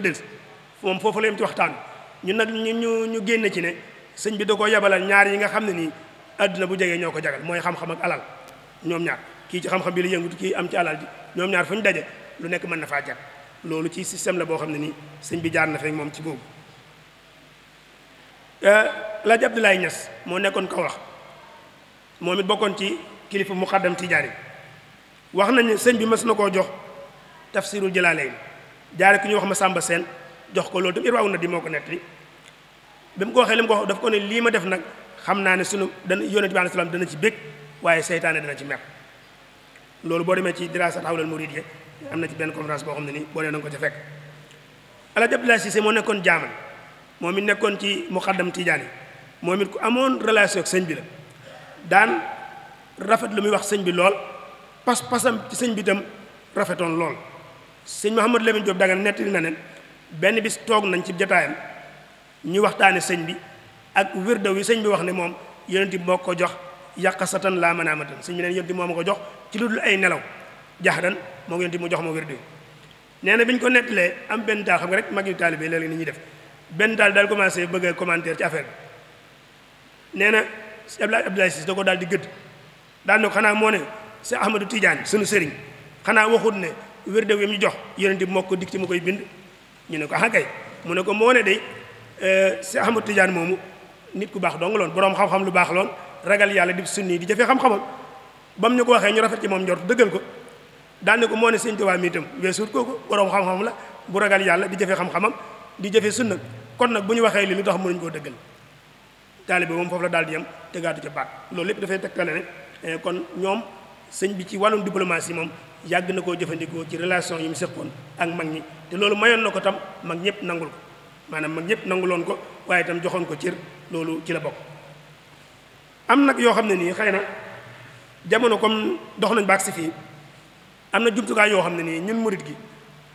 S1: foofu la ci waxtaan ñun nag ñu ñu ñu génne ci ne sëñ bi da koo yabalal ñaar yi nga xam ne nii àdduna bu jegee ñoo ko jagal mooy xam-xam ak alal ñoom ñaar kii ci xam-xam bi la yëngutu kii am ci alal ji ñoom ñaar fu ñu daje lu nekk mën na faa jag loolu ci système la boo xam ne nii sëñ bi jaar na fekk moom ci boobu eh, laaj Abdoulaye Niass moo nekkoon ko wax moom it bokkoon ci kilifa muqaddam tijaari wax nañu sëñ bi mas koo jox tafsirul jëlaale yi jaare ki ñuy wax ma sàmba seen jox ko loolu tam irwaaw na di moo ko nettali bi mu ko waxee li mu ko wax lii ma def nag xam naa ne sunu dana yonent bi alayhi salaam dana ci bég waaye seytaane dana ci mer loolu boo demee ci dirasa xawlal murid am na ci benn conférence boo xam ne nii boo nee na nga ko ca fekk Alaaji Abdoulaye Cissé moo nekkoon jaamal moom it nekkoon ci tiijaan yi moom it ku amoon relation ak sëñ bi la daan rafet lu muy wax sëñ bi lool pas-pasam ci sëñ bi itam rafetoon lool sëñ Mouhamadou Lamine Diop Dagana nettali na ne benn bis toog nañ ci jotaayam ñu waxtaane sëñ bi ak wirda yi sëñ bi wax ne moom yonent bi moo ko jox yàqasatan laa manaamatan sëñ bi neen yonent bi moo ma ko jox ci lu dul ay nelaw jaxdan moo yonent bi mu jox ma wirda wi nee na bi ko nettalee am benn taal xam rek mag yu taalibe léeg-léeg ni ñuy def benn taal daal commencé bëgg a commentaire ci affaire nee na Abdoulaye Abdoulaye Cissé da ko daal di gëdd xanaa moo ne Cheikh Ahmadou Tidiane sunu sëriñ xanaa waxut ne wirda wi mu jox yonent bi moo ko dikk ci mu koy bind ñu ne ko ah mu ne ko moone de si euh, Ahmad Tidiane moomu nit ku baax dong loolu boroom xam-xam lu baax lool ragal yàlla di sunni di jafee xam-xamam ba mu ñu ko waxee ñu rafet ci moom njort dëggal ko daal ko moo ne sëñ Tuubaa mi itam weesuut kooku boroom xam-xam la bu ragal yàlla di jafee xam-xamam di jafee sunna kon nag bu ñu waxee li lu tax mënuñ koo dëggal taalibe moom foofu la daal di yem te gaatu ca baat loolu lépp dafay tegtale ne eh, kon ñoom sëñ bi ci wàllum diplomatie moom yàgg na koo jëfandikoo ci relation yi mu seqoon ak mag ñi te loolu mayoon na ko tam mag ñëpp nangul ko maanaam mag ñëpp nanguloon ko waaye itam joxoon ko cër loolu ci la bokk am nag yoo xam ne nii xëy na jamono comme dox nañ baag si fii am na jumtukaay yoo xam ne nii ñun murit gi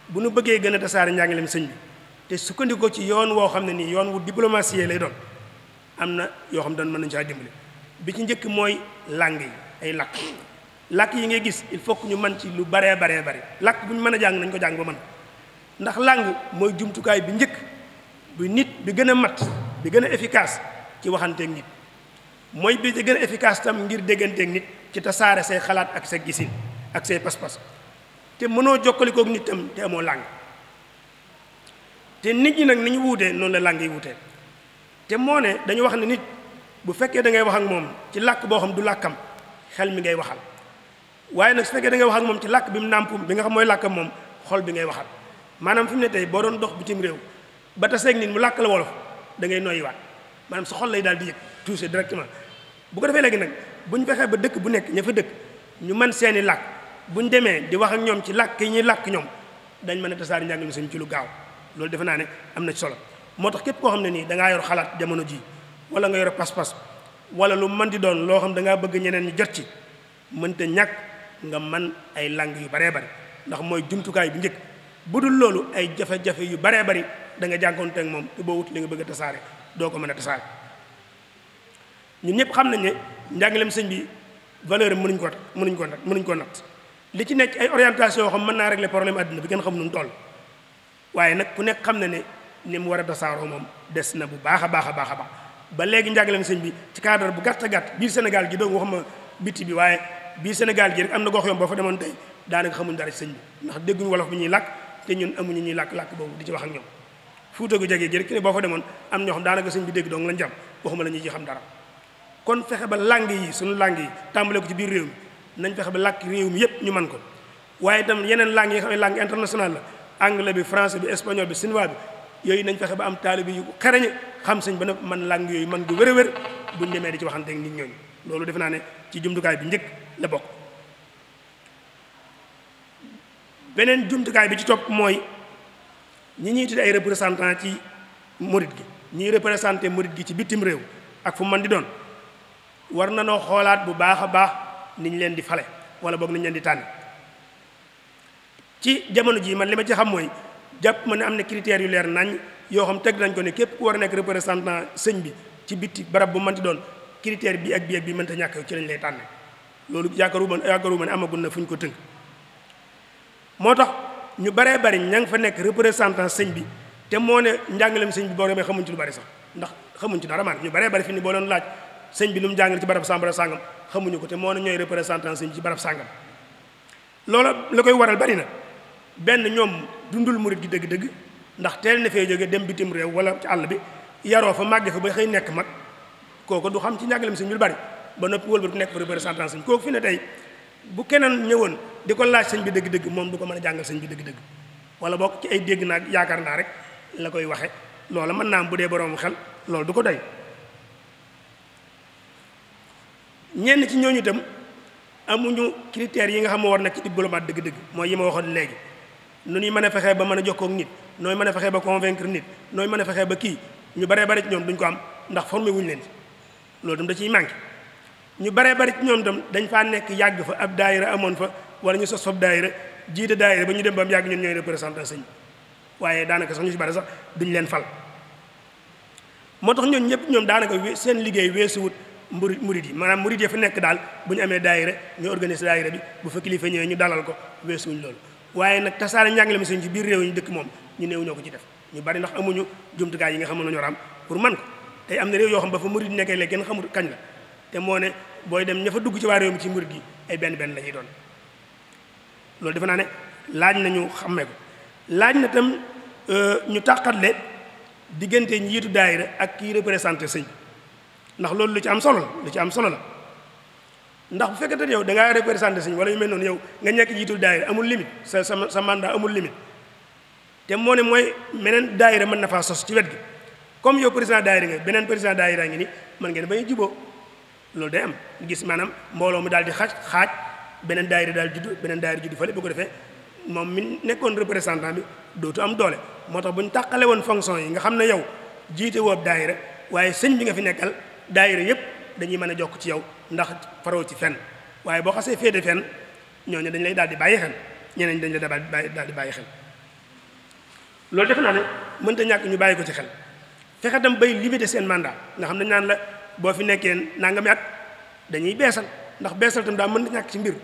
S1: bu nu bëggee gën a tasaare njàngaleem sëñ bi te sukkandiku ci yoon woo xam ne nii yoon wu diplomatie lay doon am na yoo xam ne doon mën nañu saa dimbali bi ci njëkk mooy langue yi ay làkk làkk yi ngay gis il faut ñu mën ci lu baree baree bare làkk bu ñu mën a jàng nañ ko jàng ba mën ndax langue mooy jumtukaay bi njëkk bu nit bi gën a mat bi gën a efficace ci waxanteeg nit mooy bi ci gën a efficace tam ngir dégganteeg nit ci tasaare say xalaat ak sa gisin ak say pas-pas te mënoo jokkalikook nit tam te amoo làng te nit ñi nag ni ñu wuutee noonu la làng yi wuutee te moo ne dañu wax ne nit bu fekkee da ngay wax ak moom ci làkk boo xam du làkkam xel mi ngay waxal waaye nag su fekkee da ngay wax ak moom ci làkk bi mu nàmp bi nga xam mooy làkkam moom xol bi ngay waxal maanaam fi mu ne tey boo doon dox bitim réew ba taseeg nit mu làkk la wolof da ngay noyyiwaat maanaam sa xol lay daal di yëg touché directement bu ko defee léegi nag bu ñu fexee ba dëkk bu nekk ñu fa dëkk ñu man seeni làkk bu ñu demee di wax ak ñoom ci làkk yi ñuy làkk ñoom dañ mën a tasaari njàng mi suñ ci lu gaaw loolu defe naa ne am na ci solo moo tax képp koo xam ne nii da ngaa yor xalaat jamono jii wala nga yor pas-pas wala lu mën di doon loo xam da ngaa bëgg ñeneen ñu jot ci mënta ñàkk nga man ay làng yu baree bari ndax mooy jumtukaay bu njëkk bu dul loolu ay jafe-jafe yu baree bari da nga jànkoonte ak moom te boo wut li nga bëgg a tasaare doo ko mën a tasaare ñun ñëpp xam nañ ne njàngaleem sëñ bi valeur am mënuñ ko mënuñ ko nat mënuñ koo nag li ci nekk ay orientation yoo xam mën naa régler problème àdduna bi kenn xam nu toll waaye nag ku xam na ne ni mu war a tasaaroo moom des na bu baax a baax a baax baax ba léegi njàngaleem sëñ bi ci cadre bu gàtt gàtt biir Sénégal ji doog waxuma biti bi waaye biir Sénégal gi rek am na gox yoon boo fa demoon tey daanaka xamuñ dara ci sëñ bi ndax dégguñu wolof bi ñuy làkk te ñun amuñu ñuy làkk-làkk boobu di ci wax ak ñoom fuuta gu jege gi rek ne boo fa demoon am ñoo xam daanaka sëñ bi dégg dong lañ jàpp waxuma la ñu ci xam dara kon fexe ba langue yi suñu langue yi tàmbale ko ci biir réew mi nañ fexe ba làkk réew mi yépp ñu man ko waaye itam yeneen langue yi xam ne langue internationale la anglais bi france bi espagnol bi chinois bi yooyu nañ fexe ba am taalibe yu xereñe xam sëñ ba nag man langue yooyu man ko wér wér buñ demee di ci waxante ak nit ñooñu loolu defe naa ne ci jumtukaay bi njëkk la bokk jumtukaay bi ci topp mooy ñi ñuy tuddee ay représentant ci murit gi ñiy représenté murit gi ci bittim réew ak fu man di doon war na noo xoolaat bu baax a baax niñ leen di fale wala boog niñ leen di tànn ci jamono jii man li ma ci xam mooy jàpp ma ne am na critères yu leer nañ yoo xam teg nañ ko ne képp ku war a nekk représentant sëñ bi ci bitti barab bu mënti doon critère bi ak bii ak bi mënta ñàkk ci lañ lay tànne loolu yaakaaru ma yaakaaru ma ne amagul na fu ñu ko tënk tax ñu baree bari ña nga fa nekk représentant sëñ bi te moo ne njàngaleem sëñ bi boo demee xamuñ ci lu bari sax ndax xamuñ ci dara man ñu baree bari fi ni boo doon laaj sëñ bi lu mu jàngale ci barab sàmbara sàngam xamuñu ko te moo ne ñooy représentant sëñ bi ci la koy waral bari na benn ñoom dundul murit gi dëgg-dëgg ndax teel na fee jóge dem bitim réew wala ci àll bi yaroo fa màggee fa ba xëy nekk mag kooku du xam ci njàngaleem sëñ bi lu bari ba noppi wëlbatu nekk fa représentant sëñ kooku fi ne tey bu keneen ñëwoon di ko laaj sëñ bi dëgg-dëgg moom du ko mën a jàngal sëñ bi dëgg-dëgg wala bokk ci ay dégg naa yaakaar naa rek la koy waxe loola mën naa am bu dee boroomu xel loolu du ko doy ñenn ci ñooñu itam amuñu critères yi nga xam moo war nag ci diplomate dëgg-dëgg mooy yi ma waxoon léegi nu ñuy mën a fexee ba mën a jokkoo ak nit nooy mën a fexee ba convaincre nit nooy mën a fexee ba kii ñu baree bari ci ñoom duñ ko am ndax formé leen ci loolu itam da ciy manqué ñu baree bari ci ñoom itam dañ faa nekk yàgg fa ab daayira amoon fa wala ñu sos daay daayira jiite daayira ba ñu dem ba mu yàgg ñun ñooy représenté sëñ waaye daanaka sax ñu si bari sax duñ leen fal moo tax ñoom ñëpp ñoom daanaka seen liggéey weesuwut mburi murid yi maanaam murid yi fa nekk daal bu ñu amee daayira ñu organise daayira bi bu fa kilifa ñëwee ñu dalal ko weesuwuñ loolu waaye nag tasaare njàngale mi sëñ ci biir réew ñu dëkk moom ñu néew ñoo ko ci def ñu bari ndax amuñu jumtukaay yi nga xam ne ñoo am pour man ko tey am na réew yoo xam ba fa murid nekkee léegi kenn xamul kañ la te moo ne booy dem dugg ci waa réew ci murid yi ay benn benn la ñuy doon loolu defe naa ne laaj nañu xàmmee ko laaj na tam euh, ñu tàqatle diggante njiitu daayira ak kii représenté sëñ ndax loolu lu ci am solo la lu ci am solo la ndax bu fekkee ne yow da ngaa représenté sëñ wala yu mel noonu yow nga nekk njiitul daayira amul limite sa sa sa amul limite te moo ne mooy meneen daayira mën na faa sos ci wet gi comme yow président daayira nga beneen président daayira ngi ni mën ngeen bañ a juboo loolu day am gis maanaam mbooloo mu daal di xaaj xaaj beneen daayira daal juddu beneen daayira juddu fële bu ko defee moom mu nekkoon représentant bi dootu am doole moo tax bu ñu tàqalee woon fonction yi nga xam ne yow jiite woob daayira waaye sëñ bi nga fi nekkal daayira yëpp dañuy mën a jokk ci yow ndax faroo ci fenn waaye boo xasee féete ñoo ñooñu dañ lay daal di bàyyi xel ñeneen dañ la daal di bàyyi xel loolu defe naa ne mënta ñàkk ñu bàyyi ko ci xel fexe tam bay limité seen mandat nga xam ne naan la boo fi nekkee nangami at dañuy beesal ndax beesal tam daa mën a ñàkk ci mbir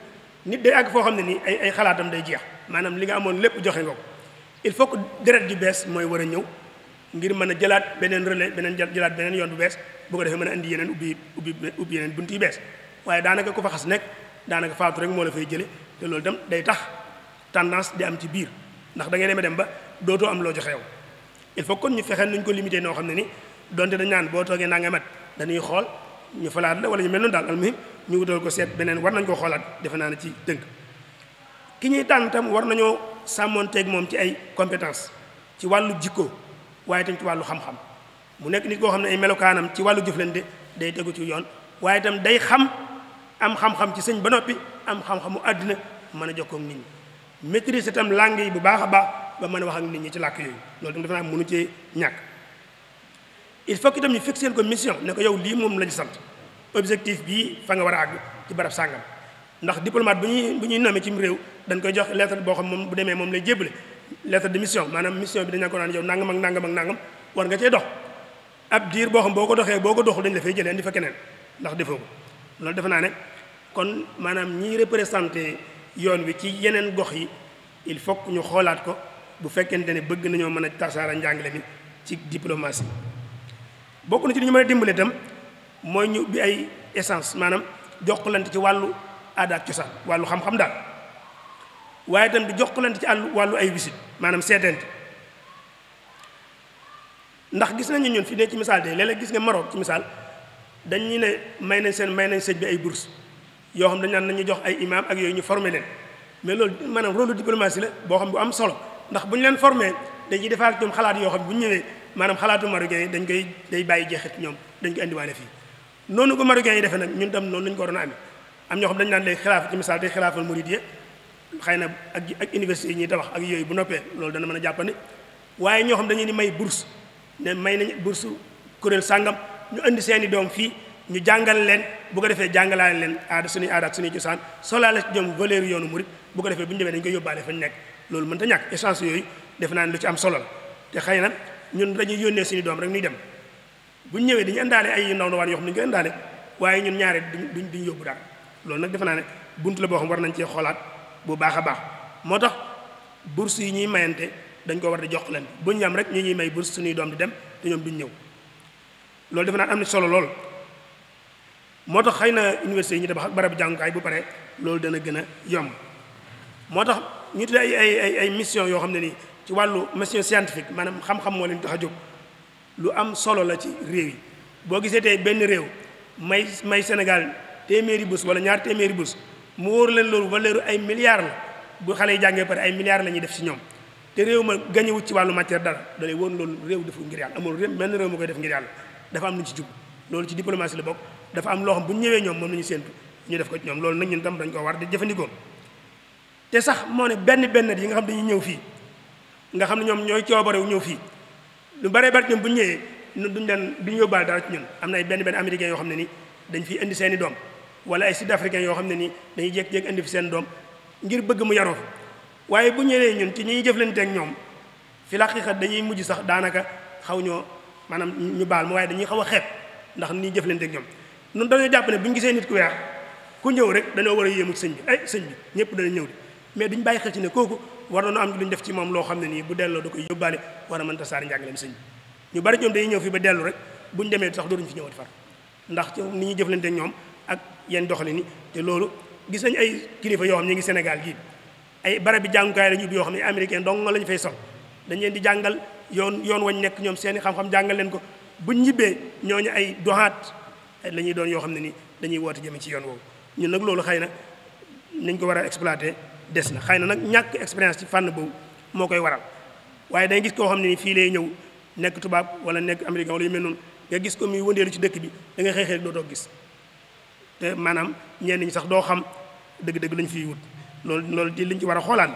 S1: nit day àgg foo xam ne nii ay ay xalaatam day jeex maanaam li nga amoon lépp joxe nga ko il faut que deret ju bees mooy war a ñëw ngir mën a jëlaat beneen relais beneen jëlaat beneen yoon bu bees bu ko defee mën a indi yeneen ubbi ubbi ubbi yeneen bunt bees waaye daanaka ku fa xas nekk daanaka faatu rek moo la fay jële te loolu tam day tax tendance di am ci biir ndax da ngay dem ba dootoo am loo joxe yow il faut kon ñu fexee nuñ ko limité noo xam ne nii donte dañ naan boo toogee naa nga mat dañuy xool ñu falaat la wala ñu mel noonu daal al almuhim ñu wutal ko seet beneen war nañ ko xoolaat defe naa ne ci tënk ki ñuy tànn tam war nañoo sàmmoon sàmmoonteeg moom ci ay compétence ci wàllu jikko waaye tam ci wàllu xam-xam mu nekk nit koo xam ne ay melokaanam ci wàllu de day tegu ci yoon waaye tam day xam am xam-xam ci sëñ ba noppi am xam-xamu àddina mën a jox jokkoog nit ñi maîtriser itam langue yi bu baax a baax ba mën a wax nit ñi ci làkk yooyu loolu tam defe naa mënu cee ñàkk il faut que itam ñu fixer mission ne yow lii moom la ñu sant objectif bii fa nga war a àgg ci barab sàngam ndax diplomate bu ñuy bu ñuy nommé ci réew dañ koy jox lettre boo xam moom bu demee moom lay jébbale lettre de mission maanaam mission bi dañu ko naan yow nangam ak nangam ak nangam war nga cee dox ab diir boo xam boo ko doxee boo ko doxul dañ la fay jëlee indi fa keneen ndax defoo ko loolu defe naa ne kon maanaam ñiy représenté yoon wi ci yeneen gox yi il faut ñu xoolaat ko bu fekkente ne bëgg nañoo mën a tasaara njàngale mi ci diplomatie bokk na ci li ñu mën a dimbale itam mooy ñu bi ay essence maanaam jokkalante ci wàllu aada ak cosaan wàllu xam-xam daal waaye itam di jokkalante ci àllu wàllu ay wisit maanaam seetante ndax gis nañu ñun fii ne ci misaal tey léeg-léeg gis nga Maroc ci misaal dañu ne may nañ seen may nañ sëñ bi ay bourse yoo xam dañ naan nañu jox ay imam ak yooyu ñu formé leen mais loolu maanaam rôle diplomatie la boo xam bu am solo ndax bu ñu leen formé dañuy defaat ñoom xalaat yoo xam bu ñu ñëwee maanaam xalaatu marocain dañ koy day bàyyi jeexit ñoom dañ koy indiwaale fii noonu ko marocain yi defee nag ñun tam noonu lañu ko waroon a amee am ñoo xam dañu naan lay xilaaf ci misaal day xëy na ak ak université yi ñuy tabax ak yooyu bu noppee loolu dana mën a jàppandi waaye ñoo xam dañuy di may bourse ne may nañ bourse kuréel sàngam ñu indi seeni doom fii ñu jàngal leen bu ko defee jàngalaale leen aada suñuy aada ak suñuy cosaan solaale ci ñoom valeur yoonu murid bu ko defee bu ñu demee dañu koy yóbbaale fañ nekk loolu mën ta ñàkk échange yooyu def naa ne lu ci am solo la te xëy na ñun dañuy yónnee suñu doom rek ñuy dem bu ñu ñëwee dañu indaale ay ndaw ndawaan yoo xam ne ñu ko indaale waaye ñun ñaare duñ duñ yóbbu daal loolu nag defe naa ne bunt la boo xam war nañ cee xoolaat bu baax a baax moo tax bourse yi ñuy mayante dañ ko war di jox leen bu ñu yam rek ñu ñuy may bourse suñuy doom di dem te ñoom duñ ñëw loolu defe naa am na solo lool moo tax xëy na université yi ñu tabax ak barabu jàngukaay bu pare loolu dana gën a yomb moo tax ñu ay ay ay mission yoo xam ne nii ci wàllu mission maanaam xam-xam moo leen tax a jóg lu am solo la ci réew yi boo gisee tey benn réew may may Sénégal téeméeri bus wala ñaar téeméeri bus mu wóor leen loolu valeuru ay milliards la bu xale yi jàngee pare ay milliards la ñuy def si ñoom te réew ma gañewut ci wàllu matière dara da lay woon loolu réew defu ngir yàlla amul réew benn réew ma koy def ngir yàlla dafa am lu ñu ci jub loolu ci diplomatie la bokk dafa am loo xam bu ñëwee ñoom moom nañu ñu séentu ñu def ko ci ñoom loolu nag ñun tam dañ ko war di jëfandikoo te sax moo ne benn benn yi nga xam dañuy ñëw fii nga xam ne ñoom ñooy coobarewu ñëw fii lu baree bari ñoom bu ñu ñëwee ñun duñ leen duñ yóbbaale dara ci ñun am na ay benn benn américain yoo xam ne ni dañ fiy indi seen i doom wala ay sud africain yoo xam ne ni dañuy jékki-jékki indi fi seen doom ngir bëgg mu yaroo waaye bu ñëwee ñun ci ñuy jëflanteeg ñoom fi la xaqiiqa dañuy mujj sax daanaka xaw ñoo maanaam ñu baal waaye dañuy xaw a xeeb ndax ni ñuy jëflanteeg ñoom ñun dañoo jàpp ne bu ñu gisee nit ku weex ku ñëw rek dañoo war a yéemu ci sëñ bi ay sëñ bi ñëpp dañu ñëw di mais duñu bàyyi xel ci ne kooku war na am lu ñu def ci moom loo xam ne nii bu delloo da koy yóbbaale war a mën tasaare njàngaleem sëñ bi ñu bari ñoom dañuy ñëw fi ba dellu rek bu ñu demee sax dootuñu fi ñëwati far ndax ci ni ñuy jëflante ñoom ak yenn doxali ni te loolu gis nañ ay kilifa yoo xam ñu ngi Sénégal gii ay barab bi jàngukaay la ñu yoo xam ne américain dong la ñu fay sol dañ leen di jàngal yoon yoon wañ nekk ñoom seeni xam-xam jàngal leen ko bu buñ ñibbee ñu ay doxaat la ñuy doon yoo xam ne nii dañuy woote jëme ci yoon woowu ñun nag loolu xëy na nañ ko war a exploiter des na xëy na nag ñàkk expérience ci fànn boobu moo koy waral waaye day gis koo xam ne ni fii lay ñëw nekk tubaab wala nekk américain wala yu mel noonu nga gis ko muy wëndeelu ci dëkk bi da nga xëy xëy doo toog gis te maanaam ñenn ñi sax doo xam dëgg-dëgg lañ fiy wut loolu loolu ci liñ ci war a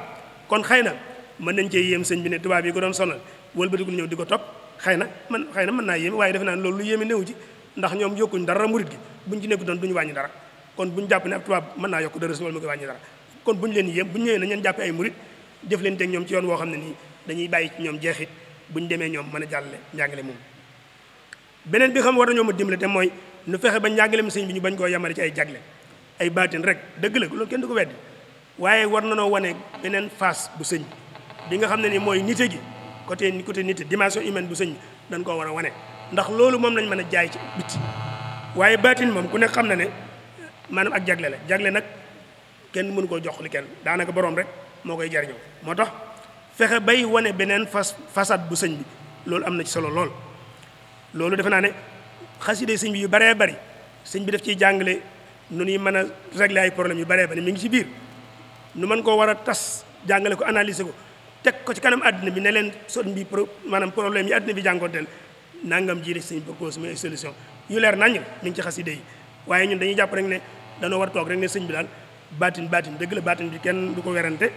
S1: kon xëy na mën nañ bi ne tubaab yi doon sonal wëlbatiku ñëw di ko topp xëy na man xëy na mën naa yéeme waaye defe naa loolu lu yéeme néew ci ndax ñoom yokkuñ dara murit gi ñu ci nekku doon duñu wàññi dara kon ñu jàpp ne ab tubaab mën naa yokk dara si wala mu koy wàññi dara kon bu ñu leen yéem bu ñu ñëwee nañ leen jàppee ay murit def leen teg ñoom ci yoon woo xam ne nii dañuy bàyyi ñoom jeexit bu ñu demee ñoom mën a jàllale njàngale moom beneen bi xam war nañoo ma dimbale te mooy nu fexe ba njàngale mi sëñ bi ñu bañ koo yamale ci ay jagle ay baatin rek dëgg la loolu kenn du ko weddi waaye war na noo wane beneen fas bu sëñ bi nga xam ne nii mooy nite gi côté côté nit dimension humaine bu sëñ bi dañ koo war a wane ndax loolu moom nañ mën a jaay ci bitti waaye baatin moom ku nekk xam na ne maanaam ak jagle la jagle nag kenn mënu koo jox li kenn daanaka borom rek moo koy jariñoo moo tax fexe bay wane beneen fas façade bu sëñ bi loolu am na ci solo lool loolu defe naa ne xaside sëñ bi yu baree bari sëñ bi daf ciy jàngale nu ñuy mën a régler ay problèmes yu baree bari mi ngi ci biir nu mën koo war a tas jàngale ko analise ko teg ko ci kanam àddina bi ne leen sëñ bi pro maanaam problème yi àddina bi jànkoonteel nangam sëñ la sëñ propose muy solution yu leer naññ mi ngi ci xaside yi waaye ñun dañuy jàpp rek ne danoo war toog rek ne sëñ bi daal baatin baatin dëgg la baatin bi kenn du ko werante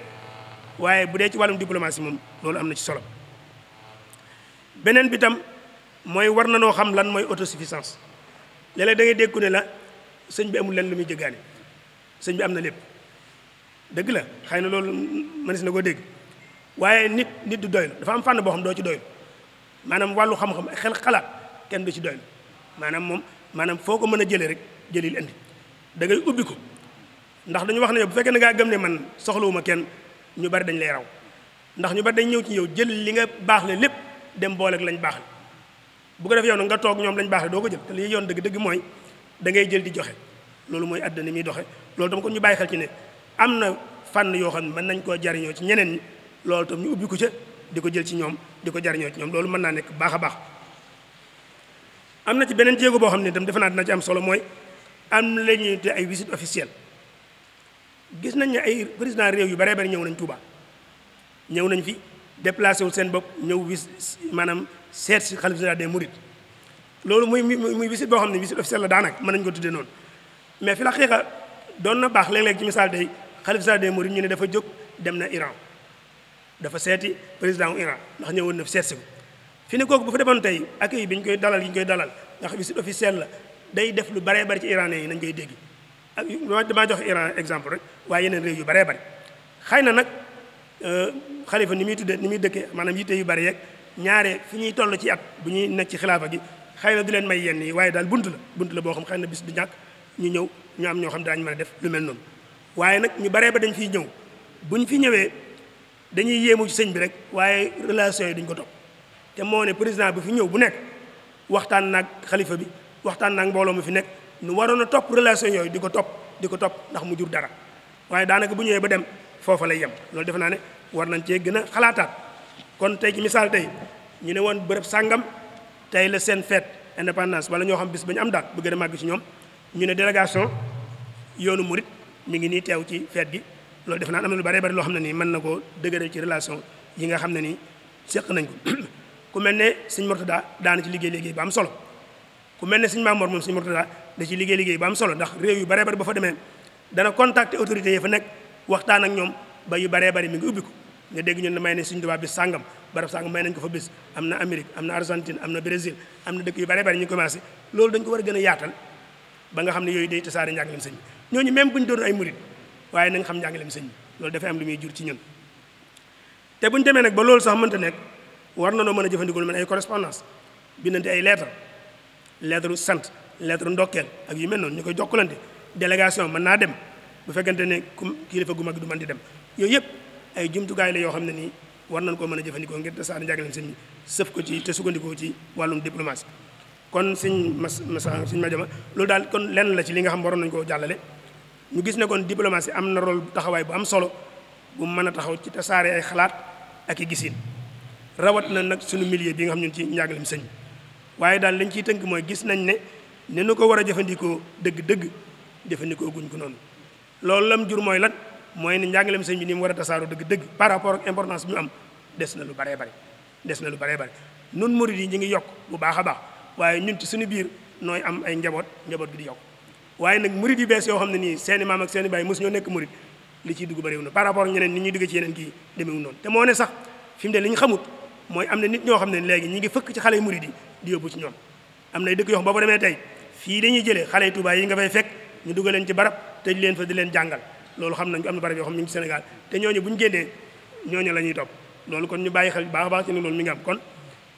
S1: waaye bu dee ci wàllum diplomatie moom loolu am na ci solo beneen bi tam mooy war na noo xam lan mooy autosuffisance léeg-léeg dégg ngay ne la sëñ bi amul lenn lu muy jëggaane sëñ bi am na lépp dëgg la xëy na loolu mënees na ko dégg waaye nit nit du doylu dafa am fànn boo xam doo ci doylu maanaam wàllu xam-xam xel xalaat kenn du ci doylu maanaam moom maanaam foo ko mën a jëlee rek jëlil indi da ngay ubbi ndax dañu wax ne bu fekkee ne ngaa gëm ne man soxlawuma kenn ñu bari dañ lay raw ndax ñu bari dañ ñëw ci yow jël li nga baax le lépp dem mbooleek lañ baax le bu ko defee yow nga toog ñoom lañ baax le doo ko jël te li yoon dëgg dëgg mooy dangay ngay jël di joxe loolu mooy àddina muy doxe loolu tam kon ñu bàyyi xel ci ne am na fànn yoo xam ne mën nañ koo jariñoo ci ñeneen loolu tam ñu ubbi ko ca di ko jël ci ñoom di ko jariñoo ci ñoom loolu mën naa nekk baax a baax am na ci beneen jéego boo xam ne dam defe naa dina ci am solo mooy am la ay visite officielle gis nañ ne ay président réew yu bare bari ñëw nañ Touba ñëw nañ fi déplacé wu seen bopp ñëw wis maanaam seet si xalif général des mourides loolu muy muy visite boo xam ne visite officielle la daanaka mën nañ ko tuddee noonu mais fi la xeexa doon na baax léeg-léeg ci misaal day xalif général des mourides ñu ne dafa jóg dem na Iran dafa seeti président wu Iran ndax ñëwoon na fi seet si fi ne kooku bu fa demoon tey accueil bi ñu koy dalal yi ñu koy dalal ndax visite officielle la day def lu bare bari ci iranais yi nañ koy dégg ak damaa jox Iran exemple rek waaye yeneen réew yu baree bari xay na nag euh, xalifa ni muy tuddee ni muy dëkkee maanaam yitte yu bari yeeg ñaare fu ñuy toll ci ak bu ñuy nekk ci xilaafa gi xëy na du leen may yenn yi waaye daal bunt la bunt la boo xam xay na bis du ñàkk ñu ñëw ñu am ñoo xam daañu mën a def lu mel noonu waaye nag ñu baree ba dañ fiy ñëw ñu fi ñëwee dañuy yéemu ci sëñ bi rek waaye relation yi duñ ko topp te moo ne président bi fi ñëw bu nekk waxtaan nag xalifa bi waxtaan naag mbooloo mu fi nekk nu waroon a topp relation yooyu di ko topp di ko topp ndax mu jur dara waaye daanaka bu ñëwee ba dem foofa lay yem loolu def naa ne war nañ cee gën a xalaataat kon tey ci misaal tey ñu ne woon bërëb sàngam tey la seen feet independance wala ñoo xam bis ba ñu am daal bu gën màgg ci ñoom ñu ne délégation yoonu murit mu ngi nii teew ci feet gi loolu def naa am na lu bare bëri loo xam ne nii mën na koo dëgëral ci relation yi nga xam ne nii séq nañ ko ku mel ne sëñ Murtada daana ci liggéey liggéey am solo ku mel ne sëñ Maamoor moom sëñ Murtada da ci liggéey liggéey ba am solo ndax réew yu bëree bëri ba fa demee dana contacter autorité yi fa nekk waxtaan ak ñoom ba yu baree bari mi ngi ubbi ko nga dégg ñun ne may nañ suñ tubaab bis sàngam barab sàngam may nañ ko fa bis am na Amérique am na Argentine am na Brésil am na dëkk yu baree bari ñu commencé loolu dañ ko war a gën a yaatal ba nga xam ne yooyu day tasaare njàngaleem sëñ bi ñooñu même bu ñu doon ay murid waaye nañ xam njàngaleem sëñ bi loolu dafay am lu muy jur ci ñun te bu ñu demee nag ba loolu sax mënta war na noo mën a jëfandikoo lu mel ay correspondance bindante ay lettre lettre sant lettre ndokkeel ak yu mel noonu ñu koy jokkalante délégation mën naa dem bu fekkente ne ku kilifa gu mag du man di dem yooyu yëpp ay jumtukaay la yoo xam ne nii war nañ koo mën a jëfandikoo ngir tasaare njàngaleem sëñ bi sëf ci te sukkandikoo ci wàllum diplomatie kon sëñ mas masa sëñ Madiama loolu daal kon lenn la ci li nga xam waroon nañu koo jàllale ñu gis ne kon diplomatie am na bu taxawaay bu am solo bu mën a taxaw ci tasaare ay xalaat ak i gisin rawat na nag suñu millier bi nga xam ñun ci njàngaleem sëñ bi waaye daal lañ ciy tënk mooy gis nañ ne ne nu ko war a jëfandikoo dëgg-dëgg jëfandikoo guñ ko noonu loolu lam jur mooy lan mooy ne njàngaleem sëñ bi ni mu war a tasaaroo dëgg-dëgg par rapport ak importance bi mu am des na lu baree bari des na lu bare bari nun murid yi ñu ngi yokk bu baax a baax waaye ñun ci suñu biir nooy am ay njaboot njaboot gi di yokk waaye nag murid yu bees yoo xam ne nii seeni maam ak seeni baay mosu ñoo nekk murid li ciy dugg bëriwu na par rapport ñeneen ni ñu dugg ci yeneen kii demewu noonu te moo ne sax fi mu ne am na nit ñoo xam ne léegi ñi ngi fëkk ci xale murid yi di yóbbu ñoom am na dëkk yoo xam demee tey fii dañuy jëlee xale yi nga fay fekk ñu dugal leen ci barab tëj leen fa di leen jàngal loolu xam nañ ko am na barab yoo xam ñu ngi Sénégal te ñooñu bu ñu génnee ñooñu la ñuy topp loolu kon ñu bàyyi xel baax a baax ci ne loolu mi ngi am kon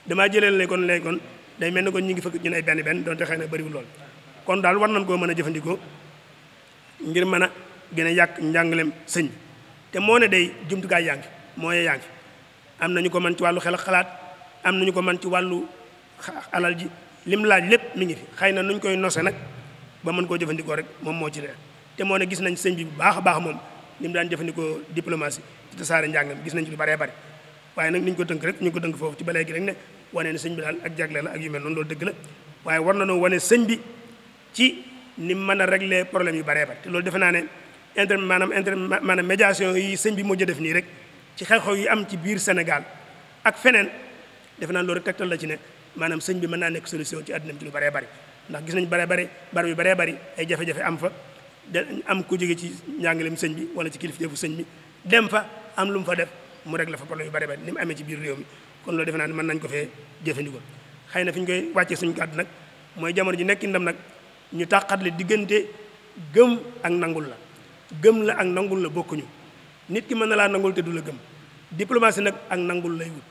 S1: damaa jëleen lay kon léegi kon day mel ne kon ñu ngi fëkk ñun ay benn benn donte xëy na bëriwul lool kon daal war nañ koo mën a jëfandikoo ngir mën a gën a yàq njàngaleem sëñ te moo ne day jumtukaay yaa ngi mooy yaa ngi am nañu ko mën ci wàllu xel xalaat am nañu ko mën ci wàllu alal ji lim laaj lépp mi ngi fi xëy na nuñ koy nose nag ba mën koo jëfandikoo rek moom moo ci ne te moo ne gis nañ sëñ bi bu baax a baax moom ni mu daan jëfandikoo diplomatie ci tasaare njàngam gis nañ ci lu baree bare waaye nag ni ñu ko tënk rek ñu ko tënk foofu ci balee gi rek ne wane ne sëñ bi daal ak jagle la ak yu mel noonu loolu dëgg la waaye war na noo wane sëñ ci ni mën a régler problème yu baree bare te loolu defe naa ne inter maanaam inter maanaam médiation yi sëñ bi moo jë def nii rek ci xew-xew yi am ci biir Sénégal ak feneen defe naa loolu tegtal la ci ne maanaam sëñ bi mën naa nekk solution ci àddina ci lu baree bari ndax gis nañ bare bare barab yu baree bari ay jafe-jafe am fa de am ku jóge ci njàngaleem sëñ bi wala ci kilifteefu sëñ bi dem fa am lu mu fa def mu rek la fa problème yu bare bari ni mu amee ci biir réew mi kon loolu defe naa ne mën nañ ko fee jëfandikoo xëy na fi ñu koy wàccee suñu kàddu nag mooy jamono ji nekk ndam nag ñu tàqatle diggante gëm ak nangul la gëm la ak nangul la bokkuñu nit ki mën na laa nangul te du la gëm diplomatie nag ak nangul lay wut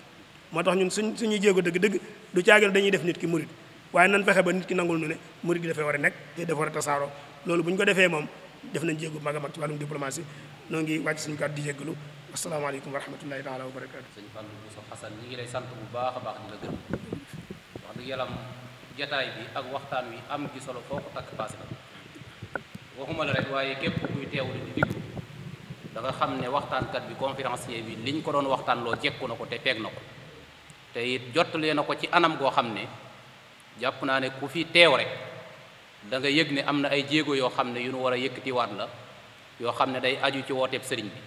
S1: moo tax ñun suñ suñuy jéego dëgg-dëgg du caagir dañuy def nit ki murit waaye nan fexe ba nit ki nangul nu ne murid gi dafay war a nekk te dafa war a tasaaroo loolu bu ñu ko defee moom def na jéego mag a mag ci wàllum diplomatie noo ngi wàcc suñu kàddu di jéggalu asalaamaaleykum wa rahmatullahi taala wa barakaatu
S3: sëñ Fallou Bousso Xassane ñi ngi lay sant bu baax baax di la gërëm wax dëgg yàlla jataay ak waxtaan wi am gi solo foo ko takk passé na waxuma la rek waaye képp kuy teewlu di diglu da nga xam ne waxtaankat bi conférencier bi li ñu ko doon waxtaan loo jekku na ko te peeg na ko te it jottalee na ko ci anam goo xam ne jàpp naa ne ku fi teew rek da nga yëg ne am na ay jéego yoo xam ne yu nu war a yëkkatiwaat la yoo xam ne day aju ci wooteeb sëriñ bi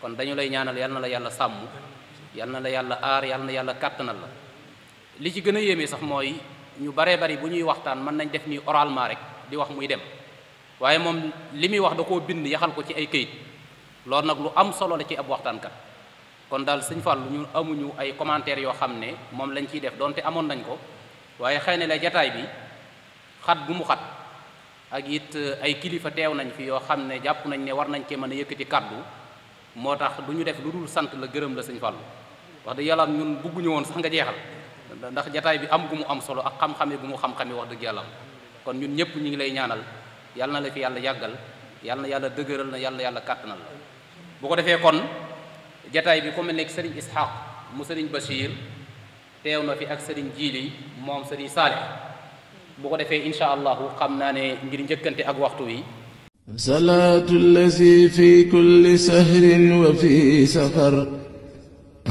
S3: kon dañu lay ñaanal yal na la yàlla sàmm yal na la yàlla aar yal na yàlla kàttanal la li ci gën a yéeme sax mooy ñu baree bari bu ñuy waxtaan mën nañ def nii oralement rek di wax muy dem waaye moom li muy wax da koo bind yaxal ko ci ay këyit loolu nag lu am solo la ci ab waxtaankat kon daal sëñ Fall ñu amuñu ay commentaires yoo xam ne moom lañ ciy def donte amoon nañ ko waaye xëy na la jataay bi xat gu mu xat ak yit euh, ay kilifa teew nañ fi yoo xam ne jàpp nañ ne war nañ cee mën a yëkkati kàddu moo tax du ñu def lu dul sant la gërëm la sëñ Fallou wax dëgg yàlla ñun bugguñu woon sax nga jeexal ndax jataay bi am gu mu am solo ak xam-xame gu mu xam-xame wax dëgg yàlla kon ñun ñëpp ñu ngi lay ñaanal yàlla na la fi yàlla yàggal yàlla yàlla dëgëral na yàlla yàlla kàttanal la bu ko defee kon jataay bi ku nekk ne Serigne Ishaq mu Serigne Bachir teew na fi ak sëriñ jiili moom sëriñ Saalix bu ko defee incha allahu xam naa ne ngir njëkkante ak waxtu wi
S2: salaatu allazi fi kulli sahrin wa fi safar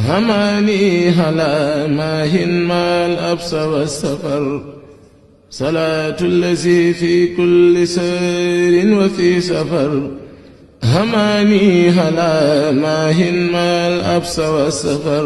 S2: hamaani hala maahin maal absa wa safar salaatu allazi fi kulli sahrin wa fi safar hamaani hala maahin maal absa wa safar